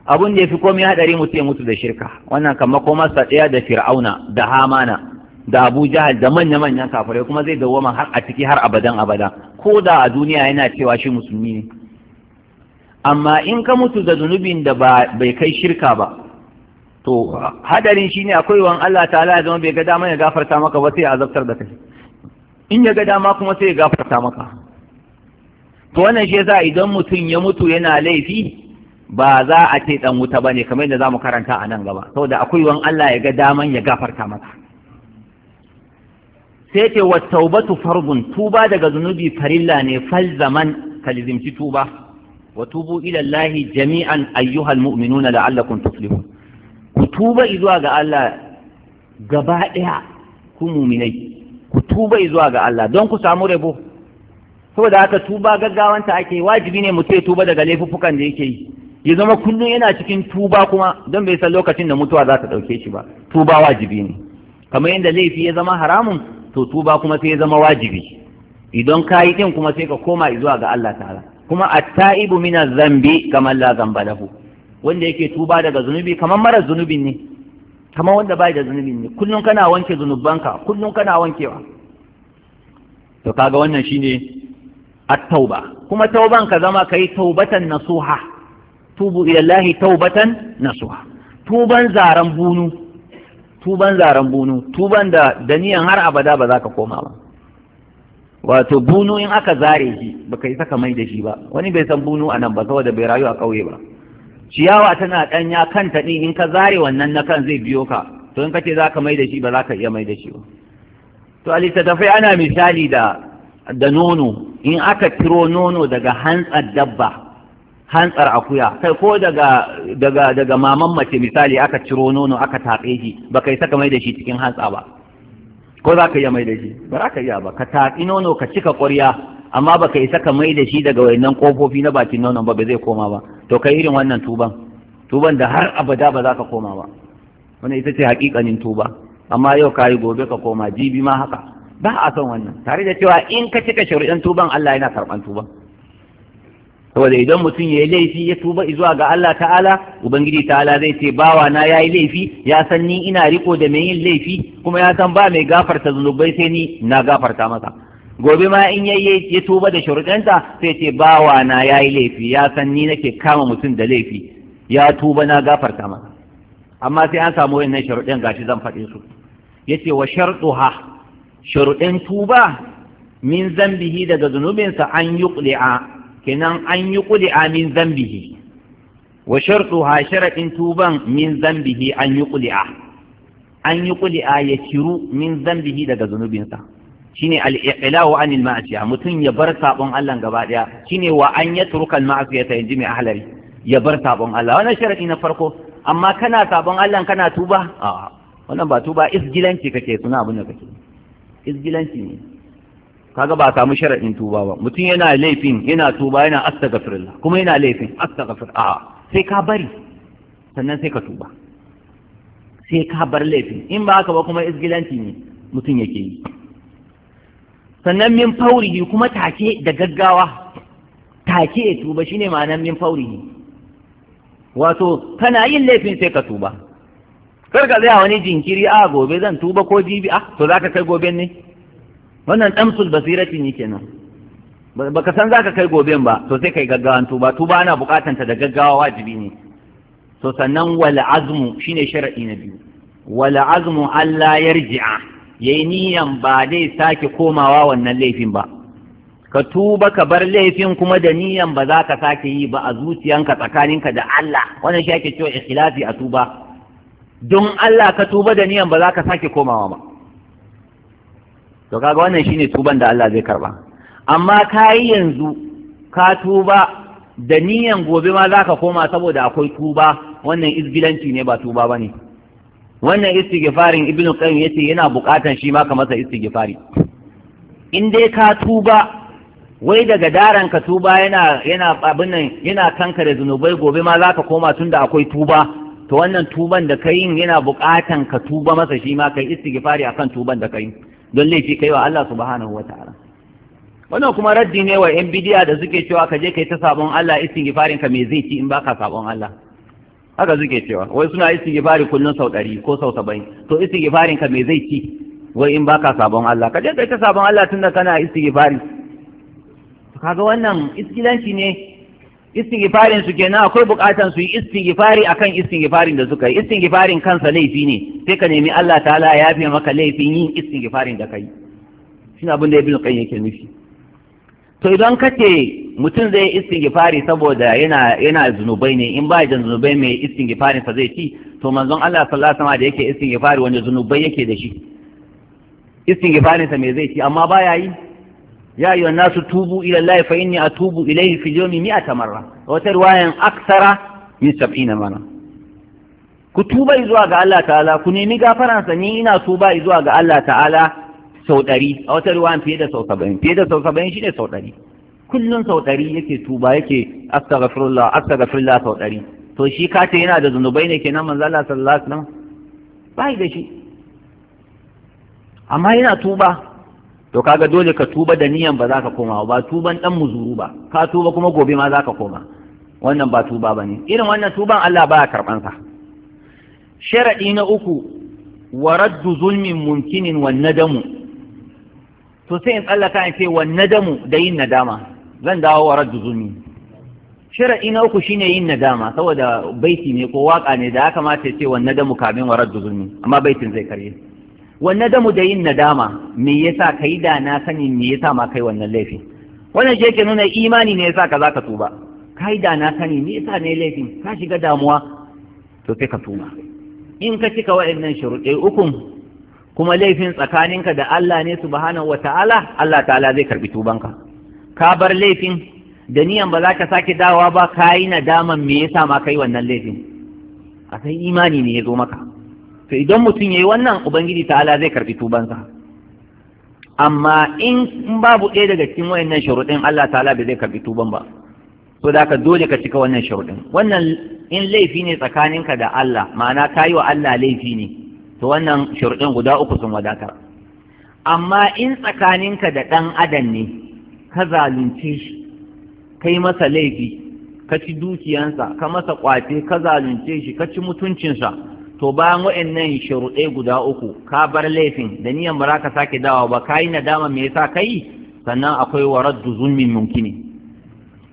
abun da yafi komai haɗari mutum ya mutu da shirka wannan kamar koma sa ɗaya da fir'auna da hamana da abu jahal da manya manyan kafirai kuma zai dawwama har a ciki har abadan abada ko da a duniya yana cewa shi musulmi ne amma in ka mutu da zunubin da bai kai shirka ba to hadarin shine akwai wan Allah ta'ala ya zama bai ga damar ya gafarta maka ba sai azabtar da kai in ya ga dama kuma sai ya gafarta maka to wannan shi yasa idan mutum ya mutu yana laifi ba za a ce dan wuta ne, kamar yadda zamu karanta a nan gaba saboda akwai wani Allah ya ga daman ya gafarta maka sai ce wa taubatu fardun tuba daga zunubi farilla ne fal zaman kalizimci tuba wa tubu ila Allah jami'an ayyuhal mu'minuna la'allakum tuflihun ku tuba izuwa ga Allah gaba ɗaya, ku mu'minai ku tuba zuwa ga Allah don ku samu rabo saboda haka tuba gaggawanta ake wajibi ne mutum ya tuba daga laifukan da yake yi ya zama kullum yana cikin tuba kuma don bai san lokacin da mutuwa za ta ɗauke shi ba tuba wajibi ne kamar yadda laifi ya zama haramun to tuba kuma sai ya zama wajibi idan ka yi ɗin kuma sai ka koma zuwa ga Allah ta'ala kuma at-ta'ibu min zambi kamar la zamba wanda yake tuba daga zunubi kamar mara zunubin ne kamar wanda bai da zunubi ne kullum kana wanke zunubanka kullum kana wankewa to kaga wannan shine at-tauba kuma tauban ka zama kai taubatan nasuha tubu ila Allah taubatan nasuha tuban zaran bunu tuban zaran bunu tuban da daniyan har abada ba za ka koma ba wato bunu in aka zare shi baka yi saka mai da shi ba wani bai san bunu anan ba saboda bai rayu a kauye ba ciyawa tana ɗanya kanta ɗin in ka zare wannan na kan zai biyo ka to in ka ce za ka mai da shi ba za ka iya mai da shi ba to a littattafai ana misali da da nono in aka tiro nono daga hantsar dabba hantsar akuya kai ko daga daga daga maman mace misali aka ciro nono aka tatse shi ba kai saka mai da shi cikin hantsa ba ko za ka iya mai da shi ba za ka iya ba ka tatsi nono ka cika ƙwarya amma ba ka isa ka mai da shi daga wayannan ƙofofi na bakin nonon ba ba zai koma ba to kai irin wannan tuban tuban da har abada ba za ka koma ba wannan ita ce haƙiƙanin tuba amma yau ka yi gobe ka koma jibi ma haka ba a son wannan tare da cewa in ka cika shari'an tuban Allah yana karɓan tuban saboda idan mutum ya yi laifi ya tuba zuwa ga Allah ta'ala ubangiji ta'ala zai ce bawa na ya yi laifi ya san ni ina riko da mai yin laifi kuma ya san ba mai gafarta zunubai sai ni na gafarta masa gobe ma in yayye ya tuba da shuruɗanta sai ce bawa na yayi laifi ya san ni nake kama mutum da laifi ya tuba na gafarta masa amma sai an samu wayannan sharuɗin gashi zan faɗe su yace wa shartuha sharuɗin tuba min zambihi daga zunubinsa an yuqli'a kenan an yuqli'a min zambihi wa shartuha sharaɗin tuban min zambihi an yuqli'a an yuqli'a ya shiru min zambihi daga zunubinsa shine al-iqlaw anil ma'asiya mutum ya bar sabon Allah gaba daya shine wa an yatruka al-ma'asiya ta inji mai ahlari ya bar sabon Allah wannan sharadi na farko amma kana sabon Allah kana tuba a wannan ba tuba isgilanci kake suna abin da kake isgilanci ne kaga ba samu sharadin tuba ba mutum yana laifin yana tuba yana astaghfirullah kuma yana laifin astaghfir a sai ka bari sannan sai ka tuba sai ka bar laifin in ba haka ba kuma isgilanci ne mutum yake yi sannan min faurihi kuma take da gaggawa take ya tuba shine ma'anar min faurihi wato kana yin laifin sai ka tuba kar ka tsaya wani jinkiri a ah, gobe zan tuba ko jibi a ah, to zaka kai gobe ne wannan damsul basirati ne kenan baka san zaka kai goben ba to sai kai gaggawan tuba tuba ana bukatan ta da gaggawa wajibi ne to sannan wal azmu shine sharadi na biyu wal azmu alla yarji'a yayi niyan ba zai sake komawa wannan laifin ba ka tuba ka bar laifin kuma da niyan ba za ka sake yi ba a zuciyanka tsakaninka da Allah wannan shi ake cewa ikhlasi a tuba don Allah ka tuba da niyan ba za ka sake komawa ba to kaga wannan shine tuban da Allah zai karba amma kai yanzu ka tuba da niyan gobe ma za ka koma saboda akwai tuba wannan izgilanci ne ba tuba ba ne wannan istighfarin ibnu qayyim yace yana buƙatan shi ma ka masa istighfari in dai ka tuba wai daga daran ka tuba yana yana abin nan yana kankare zunubai gobe ma zaka koma tunda akwai tuba to wannan tuban da kai yana bukatan ka tuba masa shi ma kai istighfari akan tuban da kai don laifi kai wa Allah subhanahu wataala wannan kuma raddi ne wa yan bidiya da suke cewa ka je kai ta sabon Allah istighfarin ka me zai ci in baka sabon Allah haka suke cewa wai suna istighfari kullun sau ɗari ko sau saba'in to istighfarin ka me zai ci wai in baka sabon Allah ka je kai ta sabon Allah tunda kana istighfari kaga wannan iskilanci ne istighfarin su kenan akwai bukatan su yi istighfari akan istighfarin da suka yi istighfarin kansa laifi ne sai ka nemi Allah ta'ala ya fi maka laifin yin istighfarin da kai shi abin da ibn qayyim yake nufi to idan ka ce mutum zai istighfari saboda yana yana zunubai ne in ba da zunubai mai istighfari fa zai ci to manzon Allah sallallahu alaihi da yake istighfari wanda zunubai yake da shi istighfarin sa me zai ci amma ba yi ya ayyuha nasu tubu ila Allah fa inni atubu ilayhi fi yawmi mi'ata marra wata tarwayan aksara min sab'ina marra ku tuba zuwa ga Allah ta'ala ku nemi gafaransa ni ina tuba zuwa ga Allah ta'ala sau ɗari a wata ruwan fiye da sau saba'in fiye da sau saba'in shi ne sau ɗari kullum sau ɗari yake tuba yake astagfirullah astagfirullah sau ɗari to shi ka ce yana da zunubai ne kenan manzo Allah sallallahu alaihi wasallam bai da shi amma yana tuba to kaga dole ka tuba da niyan ba za ka koma ba tuban dan muzuru ba ka tuba kuma gobe ma za ka koma wannan ba tuba ba ne irin wannan tuban Allah ba ya karɓan sa sharaɗi na uku wa raddu zulmin mumkinin wan nadamu to sai in tsallaka in ce wa nadamu da yin nadama zan dawo wa raddu zulmi shara'i na uku shine yin nadama saboda baiti ne ko waka ne da ya kamata ce wa nadamu kamin wa raddu zulmi amma baitin zai karye wa nadamu da yin nadama me yasa kai da na sani me yasa ma kai wannan laifi wannan shi yake nuna imani ne yasa ka za ka tuba kai da na sani me yasa ne laifin ka shiga damuwa to sai ka tuba in ka cika wa'annan shuruɗe ukun kuma laifin tsakaninka da Allah ne subhanahu ta'ala, Allah ta'ala zai karbi tubanka ka bar laifin da niyan ba za ka sake dawa ba ka yi nadaman me yasa ma kai wannan laifin a sai imani ne ya zo maka to idan mutum yayi wannan ubangiji ta'ala zai karbi tubansa amma in babu ɗaya daga cikin wayannan sharuɗin Allah ta'ala bai zai karbi tuban ba to da ka dole ka cika wannan sharuɗin wannan in laifi ne tsakaninka da Allah ma'ana kayi wa Allah laifi ne to wannan shirɗin guda uku sun wadatar amma in tsakaninka da ɗan adam ne ka zalunce shi yi masa laifi ka ci dukiyansa ka masa ƙwace ka zalunce shi ka ci mutuncinsa to bayan waɗannan sharuɗai guda uku ka bar laifin da niyan ba za ka sake dawa ba ka yi nadama me yasa ka yi sannan akwai waraddu zulmin mumkini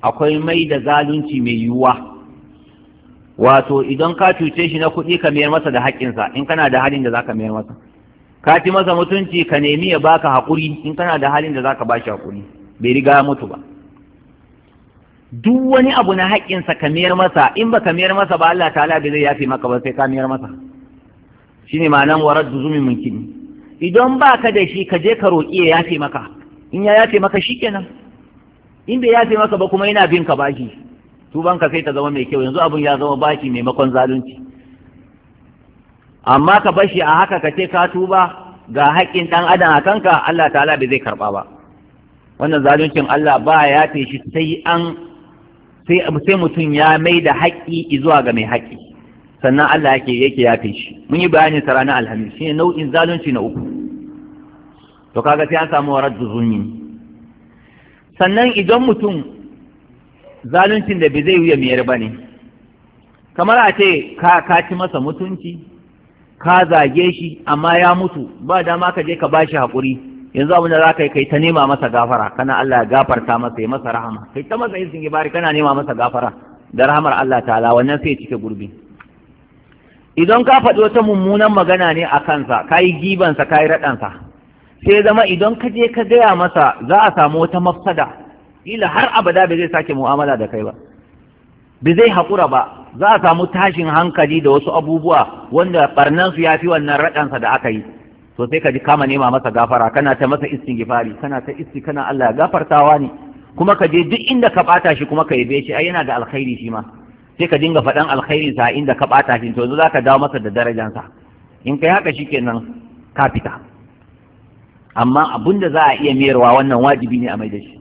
akwai mai da zalunci mai yiwuwa wato idan ka cuce shi na kuɗi ka mayar masa da haƙƙinsa in kana da halin da za ka mayar masa ka ci masa mutunci ka nemi ya baka haƙuri in kana da halin da za ka bashi haƙuri bai riga ya mutu ba duk wani abu na haƙƙinsa ka mayar masa in ba ka mayar masa ba Allah ta'ala bai zai yafe maka ba sai ka mayar masa shine ma'anan warad zuzumin munkini idan baka da shi ka je ka roƙi ya yafe maka in ya yafe maka shikenan in bai yafe maka ba kuma yana bin ka bashi tubanka sai ta zama mai kyau yanzu abin ya zama baki maimakon zalunci amma ka bashi a haka ka ce ka tuba ga haƙƙin ɗan adam a kanka Allah ta'ala bai zai karɓa ba wannan zaluncin Allah ba ya fi shi sai an sai mutum ya mai da haƙƙi zuwa ga mai haƙƙi sannan Allah yake yake ya fi shi mun yi bayanin sa ranar alhamis shine nau'in zalunci na uku to kaga sai an samu waraddu zunni sannan idan mutum zaluncin da bai zai wuya miyar ba ne kamar a ce ka ci masa mutunci ka zage shi amma ya mutu ba dama ka je ka ba shi haƙuri yanzu abin da za ka yi kai ta nema masa gafara kana Allah ya gafarta masa ya masa rahama kai ta masa izin bari kana nema masa gafara da rahamar Allah ta ala, wannan sai cike gurbi idan ka faɗi wata mummunan magana ne a kansa ka yi gibansa ka yi raɗansa sai zama idan ka je ka gaya masa za a samu wata mafsada ila har abada bai zai sake mu'amala da kai ba bai zai haƙura ba za a samu tashin hankali da wasu abubuwa wanda barnansu ya fi wannan raɗansa da aka yi to sai ka ji kama nema masa gafara kana ta masa istighfari kana ta isti kana Allah ya gafartawa ne kuma ka je duk inda ka bata shi kuma ka yabe shi ai yana da alkhairi shi ma sai ka dinga faɗan alkhairin sa inda ka bata shi to za ka dawo masa da darajansa in kai haka shikenan ka fita amma abinda za a iya miyarwa wannan wajibi ne a mai da shi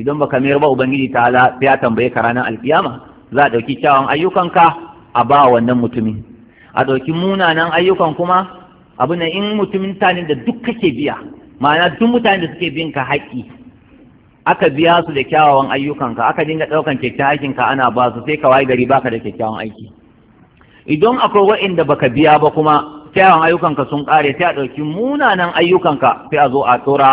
idan baka mayar ba ubangiji ta ala sai ya tambaye ka ranar alkiyama za a ɗauki kyawun ayyukanka a ba wannan mutumin a ɗauki munanan ayyukan kuma abu na in mutumin tanin da duk kake biya ma'ana duk mutane da suke bin ka haƙƙi aka biya su da kyawawan ayyukanka aka dinga ɗaukan kyakkyawan aikinka ana ba su sai ka waye gari baka da kyakkyawan aiki idan akwai wa'inda baka biya ba kuma kyawawan ayyukanka sun ƙare sai a ɗauki munanan ayyukanka sai a zo a tsora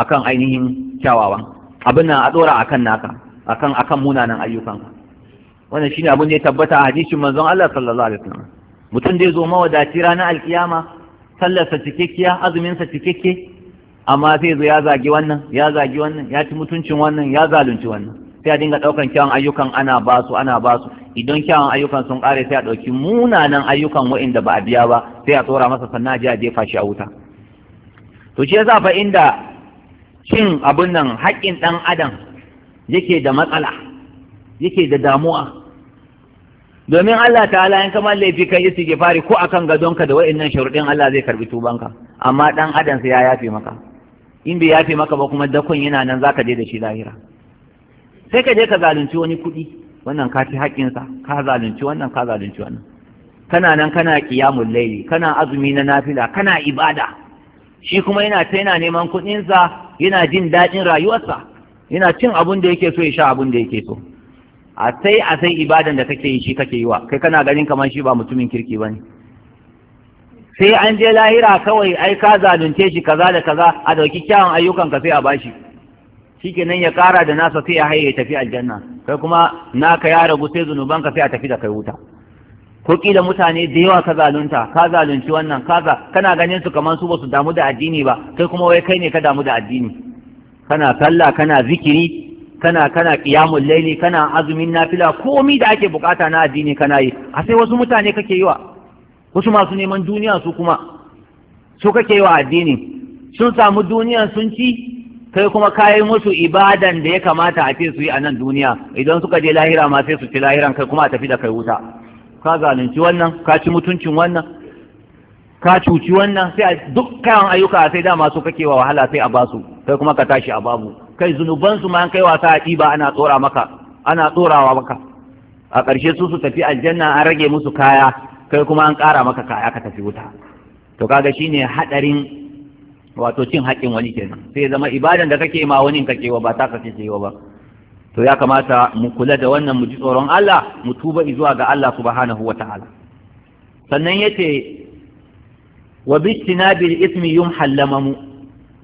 akan ainihin kyawawan abin nan a a kan naka akan akan munanan ayyukan wannan shine abin da ya tabbata a hadisin manzon Allah sallallahu alaihi wasallam mutum da ya zo mawadaci ranar alkiyama sallarsa cikakkiya azuminsa cikakke amma sai zo ya zagi wannan ya zagi wannan ya ci mutuncin wannan ya zalunci wannan sai a dinga daukan kyawun ayyukan ana ba su ana ba su idan kyawun ayyukan sun kare sai a ɗauki munanan ayyukan waɗanda ba a biya ba sai a tsora masa sannan a je a jefa shi a wuta to shi yasa fa inda shin abin nan haƙƙin ɗan adam yake da matsala yake da damuwa domin Allah ta'ala in kamar laifi kan fari, ko akan gadonka da wa'annan sharuɗin Allah zai karbi tubanka amma ɗan adam sai ya yafe maka in bai yafe maka ba kuma dakon yana nan zaka je da shi lahira sai ka je ka zalunci wani kuɗi wannan ka ci haƙƙinsa ka zalunci wannan ka zalunci wannan kana nan kana qiyamul layli kana azumi na nafila kana ibada shi kuma yana ta yana neman kuɗinsa yana jin daɗin rayuwarsa yana cin abun da yake so ya sha abun da yake so a sai a sai ibadan da kake yi shi kake yi wa kai kana ganin kamar shi ba mutumin kirki ba ne. sai an je lahira kawai ai ka zalunce shi kaza da kaza a dauki kyawun ayyukan ka sai a bashi shikenan ya kara da nasa sai ya haye ya tafi aljanna kai kuma naka ya ragu sai zunuban ka sai a tafi da kai wuta ko kila mutane da yawa ka zalunta ka zalunci wannan kaza kana ganin su kamar su basu damu da addini ba kai kuma wai kai ne ka damu da addini kana sallah kana zikiri kana kana qiyamul laili kana azumin nafila komai da ake bukata na addini kana yi a sai wasu mutane kake yi wa wasu masu neman duniya su kuma su kake yi wa addini sun samu duniya sun ci kai kuma kayi musu ibadan da ya kamata a ce su yi a nan duniya idan suka je lahira ma sai su ci lahiran kai kuma a tafi da kai wuta ka zalunci wannan ka ci mutuncin wannan ka cuci wannan sai a dukkan ayyuka sai da masu kake wa wahala sai a basu kai kuma ka tashi a babu kai zunubansu ma an kai wasa a ɗiba ana tsora maka ana tsorawa maka a ƙarshe su su tafi aljanna an rage musu kaya kai kuma an ƙara maka kaya ka tafi wuta to kaga shine haɗarin wato cin haƙƙin wani kenan sai zama ibadan da kake ma wani kake wa ba ta kake wa ba to ya kamata mu kula da wannan mu ji tsoron Allah mu tuba zuwa ga Allah subhanahu wata'ala sannan yace wa bitinabil ismi yumhal lamamu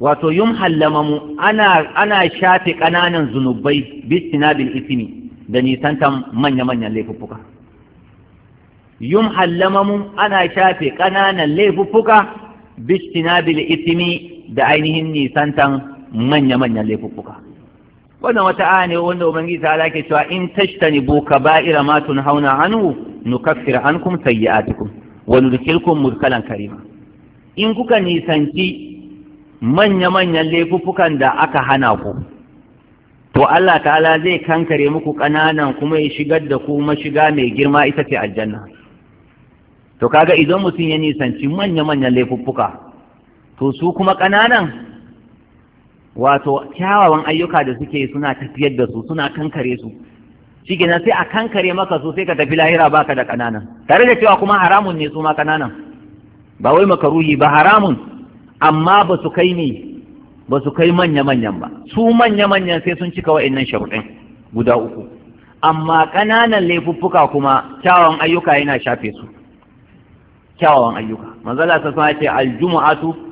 wato yumhal lamamu ana ana shafe kananan zunubai bitinabil ismi da nisantan manya manyan laifuffuka yumhal lamamu ana shafe kananan laifuffuka bitinabil ismi da ainihin nisantan manya manyan laifuffuka wannan wata aya ne wanda ubangiji ta alake cewa in ka ba'ira ma tunhauna anhu nukaffir ankum sayyi'atikum wa nudkhilkum mudkhalan karima in kuka nisanci manya-manyan laifuffukan da aka hana ku to Allah ta'ala zai kankare muku ƙananan kuma ya shigar da ku mashiga mai girma ita ce aljanna to kaga idan mutum ya nisanci manya-manyan laifuffuka to su kuma kananan wato kyawawan ayyuka da suke suna tafiyar da su suna kankare su shi sai a kankare maka su sai ka tafi lahira baka da kananan tare da cewa kuma haramun ne su ma kananan ba wai makaruhi ba haramun amma ba su kai ne ba su kai manya manyan ba su manya manyan sai sun cika wa'annan sharuɗin guda uku amma kananan laifuffuka kuma kyawawan ayyuka yana shafe su kyawawan ayyuka manzala ta ce aljumu'atu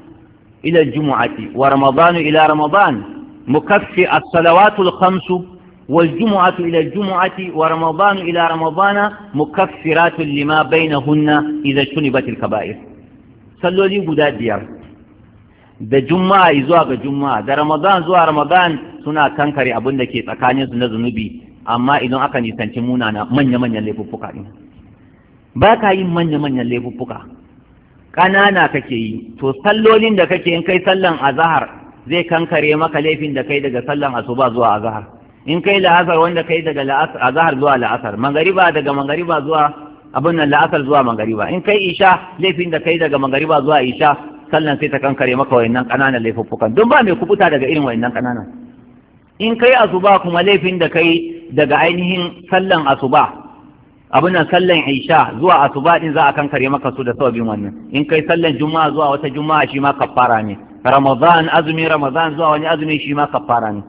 إلى الجمعة ورمضان إلى رمضان مكفئ الصلوات الخمس والجمعة إلى الجمعة ورمضان إلى رمضان مكفرات لما بينهن إذا اجتنبت الكبائر صلوا لي قداد ديار da juma'a zuwa ga juma'a da ramadan zuwa ramadan suna kankare abin da ke tsakanin su na zunubi amma idan aka nisanci munana manya-manyan laifuffuka ne ba ka yin manya-manyan laifuffuka ƙanana kake yi to sallolin da kake in kai sallan azahar zai kankare maka laifin da kai daga sallan asuba zuwa azahar in kai la'asar wanda kai daga azahar zuwa la'asar mangariba daga mangariba zuwa abin nan la'asar zuwa mangariba in kai isha laifin da kai daga mangariba zuwa isha sallan sai ta kankare maka wayannan ƙananan laifuffukan don ba mai kubuta daga irin wayannan ƙananan in kai asuba kuma laifin da kai daga ainihin sallan asuba abin nan sallan isha zuwa asuba din za a kankare maka su da sabbin wannan in kai sallan juma'a zuwa wata juma'a shi ma kaffara ne ramadan azumi ramadan zuwa wani azumi shi ma kaffara ne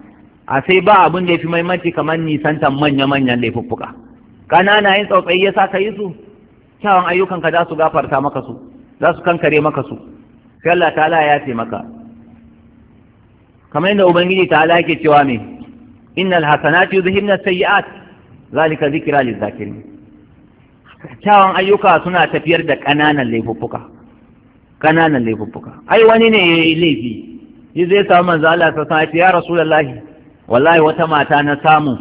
a sai ba abin da yafi maimanci kamar nisantan manya-manyan laifuffuka kanana yin tsautsayi ya sa ka yi su kyawun ayyukanka za su gafarta maka su za su kankare maka su sai Allah ta'ala ya ce maka kamar yadda ubangiji ta'ala yake cewa me innal hasanati yuzhibna sayyi'at zalika zikra lizakirin kyawun ayyuka suna tafiyar da ƙananan laifuffuka ƙananan laifuffuka ai wani ne ya yi laifi shi zai samu manzo Allah ta sanci ya rasulullahi wallahi wata mata na samu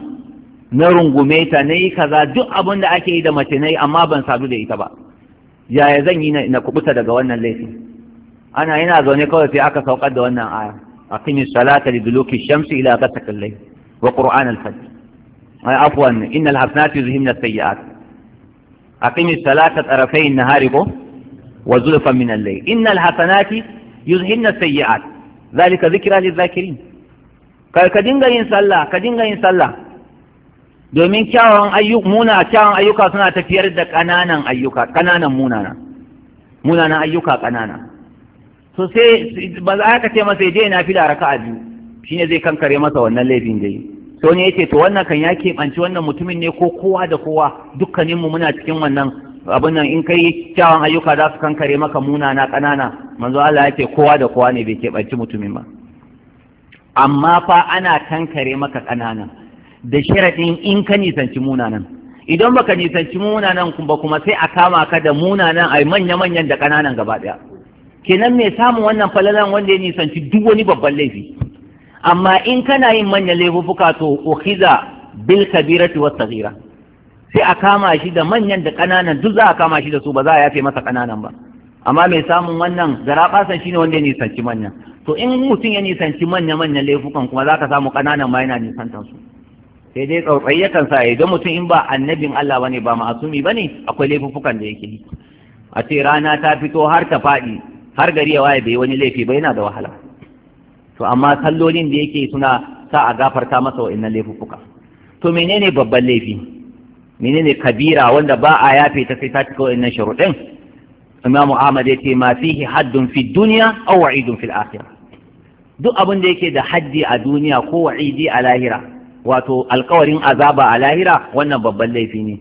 na rungume ta na yi kaza duk abin da ake yi da mace na yi amma ban sadu da ita ba yaya zan yi na kubuta daga wannan laifi ana yana zaune kawai sai aka saukar da wannan aya aqimi salata li duluki shamsi ila ghasaqi al-layl wa qur'an al-fajr ay afwan innal hasanati yuzhibna as-sayyi'at aqimi salata tarafai nahari ko wa zulfan min al-layl innal hasanati yuzhinna sayyi'at zalika zikra lil-zakirin ka ka dinga ka dinga yin sallah domin kyawun ayyuka muna kyawun ayyuka suna tafiyar da kananan ayyuka kananan munana ayyuka kanana to sai ba za ka ce masa ya je na fila raka'a biyu shine zai kankare masa wannan laifin da yi sai wani yake to wannan kan ya keɓanci wannan mutumin ne ko kowa da kowa dukkaninmu muna cikin wannan abin nan in kai kyawun ayyuka za su kankare maka munana ƙanana manzo Allah yake kowa da kowa ne bai keɓanci mutumin ba amma fa ana kankare maka ƙanana da sharaɗin in ka nisanci munanan idan baka nisanci munanan ba kuma sai a kama ka da munanan ai manya-manyan da ƙananan gaba ɗaya kenan me samun wannan falalan wanda ya nisanci duk wani babban laifi amma in kana yin manyan laifuka, to ukhiza bil kabirati was saghira sai a kama shi da manyan da kananan duk za a kama shi da su ba za a yafe masa kananan ba amma mai samun wannan garabasan shine wanda ya nisanci manyan to in mutum ya nisanci manya manyan laifukan kuma za ka samu kananan ma yana nisantan su sai dai tsautsayi yakan sa ya ga mutum in ba annabin Allah bane ba ma'asumi bane akwai laifukan da yake yi a ce rana ta fito har ta faɗi har gari ya waye bai wani laifi ba yana da wahala to amma sallolin da yake suna sa a gafarta masa wa'annan laifuffuka to menene babban laifi menene kabira wanda ba a yafe ta sai ta cika wa'annan sharuɗin imamu ahmad ya ce ma fihi haddun fi duniya aw wa'idun fil akhirah duk abin da yake da haddi a duniya ko wa'idi a lahira wato alkawarin azaba a lahira wannan babban laifi ne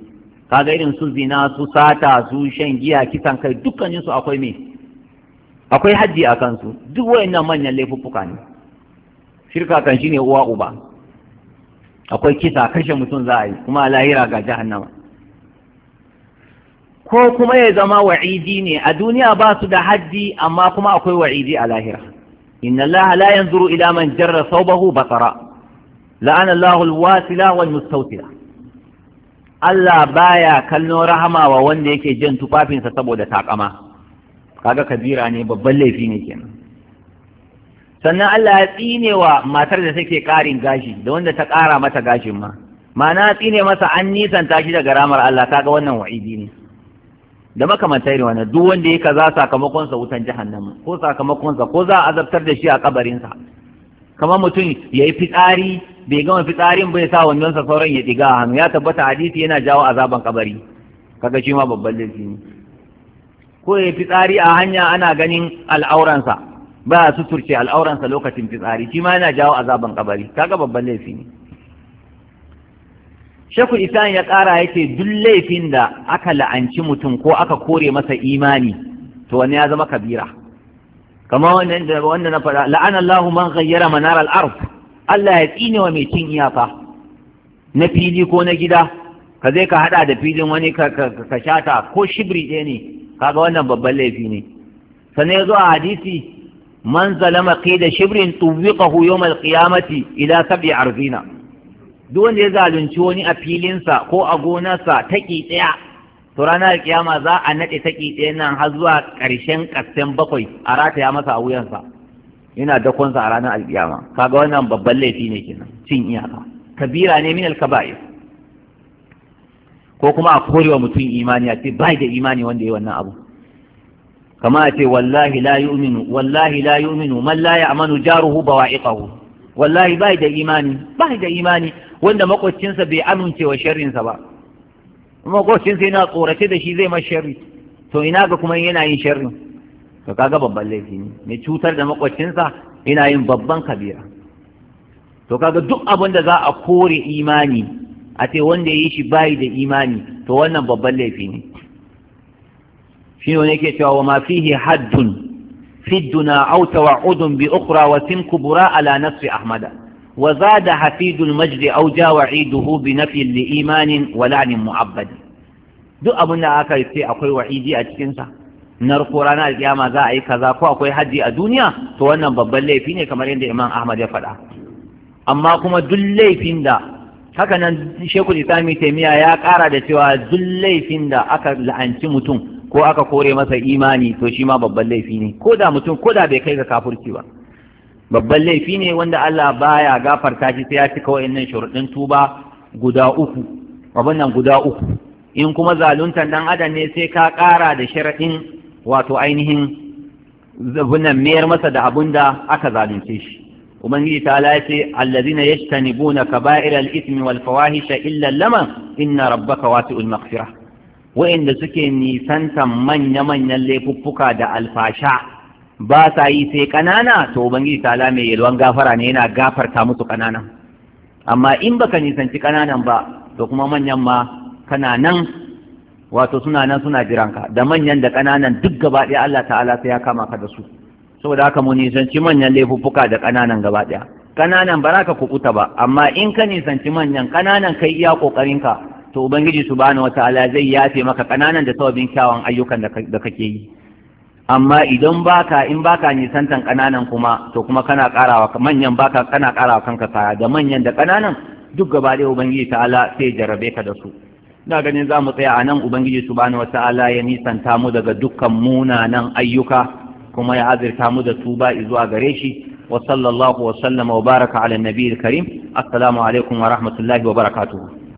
kaga irin su zina su sata su shan giya kisan kai dukkaninsu akwai me akwai hajji a kansu duk wayannan manyan laifuffuka ne shirka kan shi ne uwa uba akwai kisa kashe mutum za a yi kuma lahira ga jahannama ko kuma ya zama wa'idi ne a duniya ba su da hajji amma kuma akwai wa'idi a lahira inna allaha la yanzuru ila man jarra sawbahu basara la'ana allahu alwasila wal Allah baya kallon rahama wa wanda yake jin tufafinsa saboda takama kaga kabira ne babban laifi ne kenan sannan Allah ya tsine wa matar da take karin gashi da wanda ta kara mata gashin ma ma'ana tsine masa an nisanta shi daga ramar Allah kaga wannan wa'idi ne da makamantar irin wannan duk wanda ya kaza sakamakon sa wutan jahannama ko sakamakon sa ko za a azabtar da shi a kabarin sa kamar mutum ya yi fitsari bai gama fitsarin bai sa wannan sa sauran ya diga a hannu ya tabbata hadisi yana jawo azaban kabari kaga shi ma babban laifi ne ko ya fitsari a hanya ana ganin al'auransa ba su turce al'auransa lokacin fitsari shi ma yana jawo azaban kabari kaga babban laifi ne ita Isan ya ƙara ya ce duk laifin da aka la'anci mutum ko aka kore masa imani to wani ya zama kabira kamar wannan da wanda na faɗa la'ana Allahu man ghayyara manar al-ard Allah ya tsine wa mai cin iyaka na fili ko na gida ka zai ka hada da filin wani ka shata ko shibri ɗaya ne kaga wannan babban laifi ne sane ya zo a hadisi man zalama qida shibrin tuwiqahu yawm alqiyamati ila sab'i arzina duk wanda ya zalunci wani a filinsa ko a gonarsa taƙi ɗaya to ranar kiyama za a naɗe taƙi ɗaya nan har zuwa ƙarshen ƙasten bakwai a rataya masa a wuyansa yana dakonsa a ranar alkiyama kaga wannan babban laifi ne kenan cin iyaka kabira ne min alkaba'ir ko kuma a korewa mutum imani a ce bai da imani wanda ya wannan abu kama a ce wallahi la yu'minu wallahi la yu'minu man la ya'manu jaruhu bawa'iqahu wallahi bai da imani bai da imani wanda makwaccinsa bai amince wa sharrinsa ba makwaccinsa yana tsorace da shi zai masa sharri to ina ga kuma yana yin sharrin to kaga babban laifi ne mai cutar da makwaccinsa yana yin babban kabira to kaga duk abin da za a kore imani a ce wanda ya yi shi bayi da imani to wannan babban laifi ne shi ne yake cewa wa ma fihi haddun fidduna aw tawa'udun bi ukhra wa simku bura ala nafsi ahmada wa zada hafidul majdi aw jawa'iduhu bi nafi li imanin wa la'nin duk abin da aka ce akwai wa'idi a cikin sa narko ranar kiyama za a yi kaza ko akwai haji a duniya to wannan babban laifi ne kamar yadda imam ahmad ya faɗa amma kuma duk laifin da Hakanan nan shekul islami taimiya ya ƙara da cewa duk laifin da aka la'anci mutum ko aka kore masa imani to shi ma babban laifi ne ko da mutum ko da bai kai ga kafurci ba babban laifi ne wanda Allah baya gafarta shi sai ya cika wa'annan shuruɗin tuba guda uku abin nan guda uku in kuma zaluntan dan adam ne sai ka kara da sharaɗin wato ainihin zabunan mayar masa da abun da aka zalunce shi ubangiji ta lafi allazina yajtanibuna kaba'ira al-ithmi wal fawahisha illa lama inna rabbaka wasi'ul maghfira wa'inda suke nisantan manya-manyan laifuffuka da alfasha ba sa yi sai kanana to ubangiji ta mai yalwan gafara ne yana gafarta musu kanana amma in baka nisanci kananan ba to kuma manyan ma kana nan wato suna nan suna jiranka da manyan da kananan duk gaba ɗaya Allah ta'ala sai ya kama ka da su saboda haka mu nisanci manyan laifuffuka da ƙananan gaba ɗaya ƙananan ba za ka kukuta ba amma in ka nisanci manyan ƙananan kai iya ƙoƙarinka to ubangiji subhanahu ala zai yafe maka ƙananan da sababin kyawun ayyukan da kake yi amma idan baka in baka nisantan ƙananan kuma to kuma kana ƙarawa manyan baka kana ƙarawa kanka kaya da manyan da ƙananan duk gaba ɗaya ubangiji ta'ala sai jarabe ka da su ina ganin za mu tsaya a nan ubangiji subhanahu ala ya nisanta mu daga dukkan munanan ayyuka kuma ya azirta mu da tuba zuwa gare shi wa sallallahu wa sallama wa baraka ala nabiyil karim assalamu alaikum wa rahmatullahi wa barakatuhu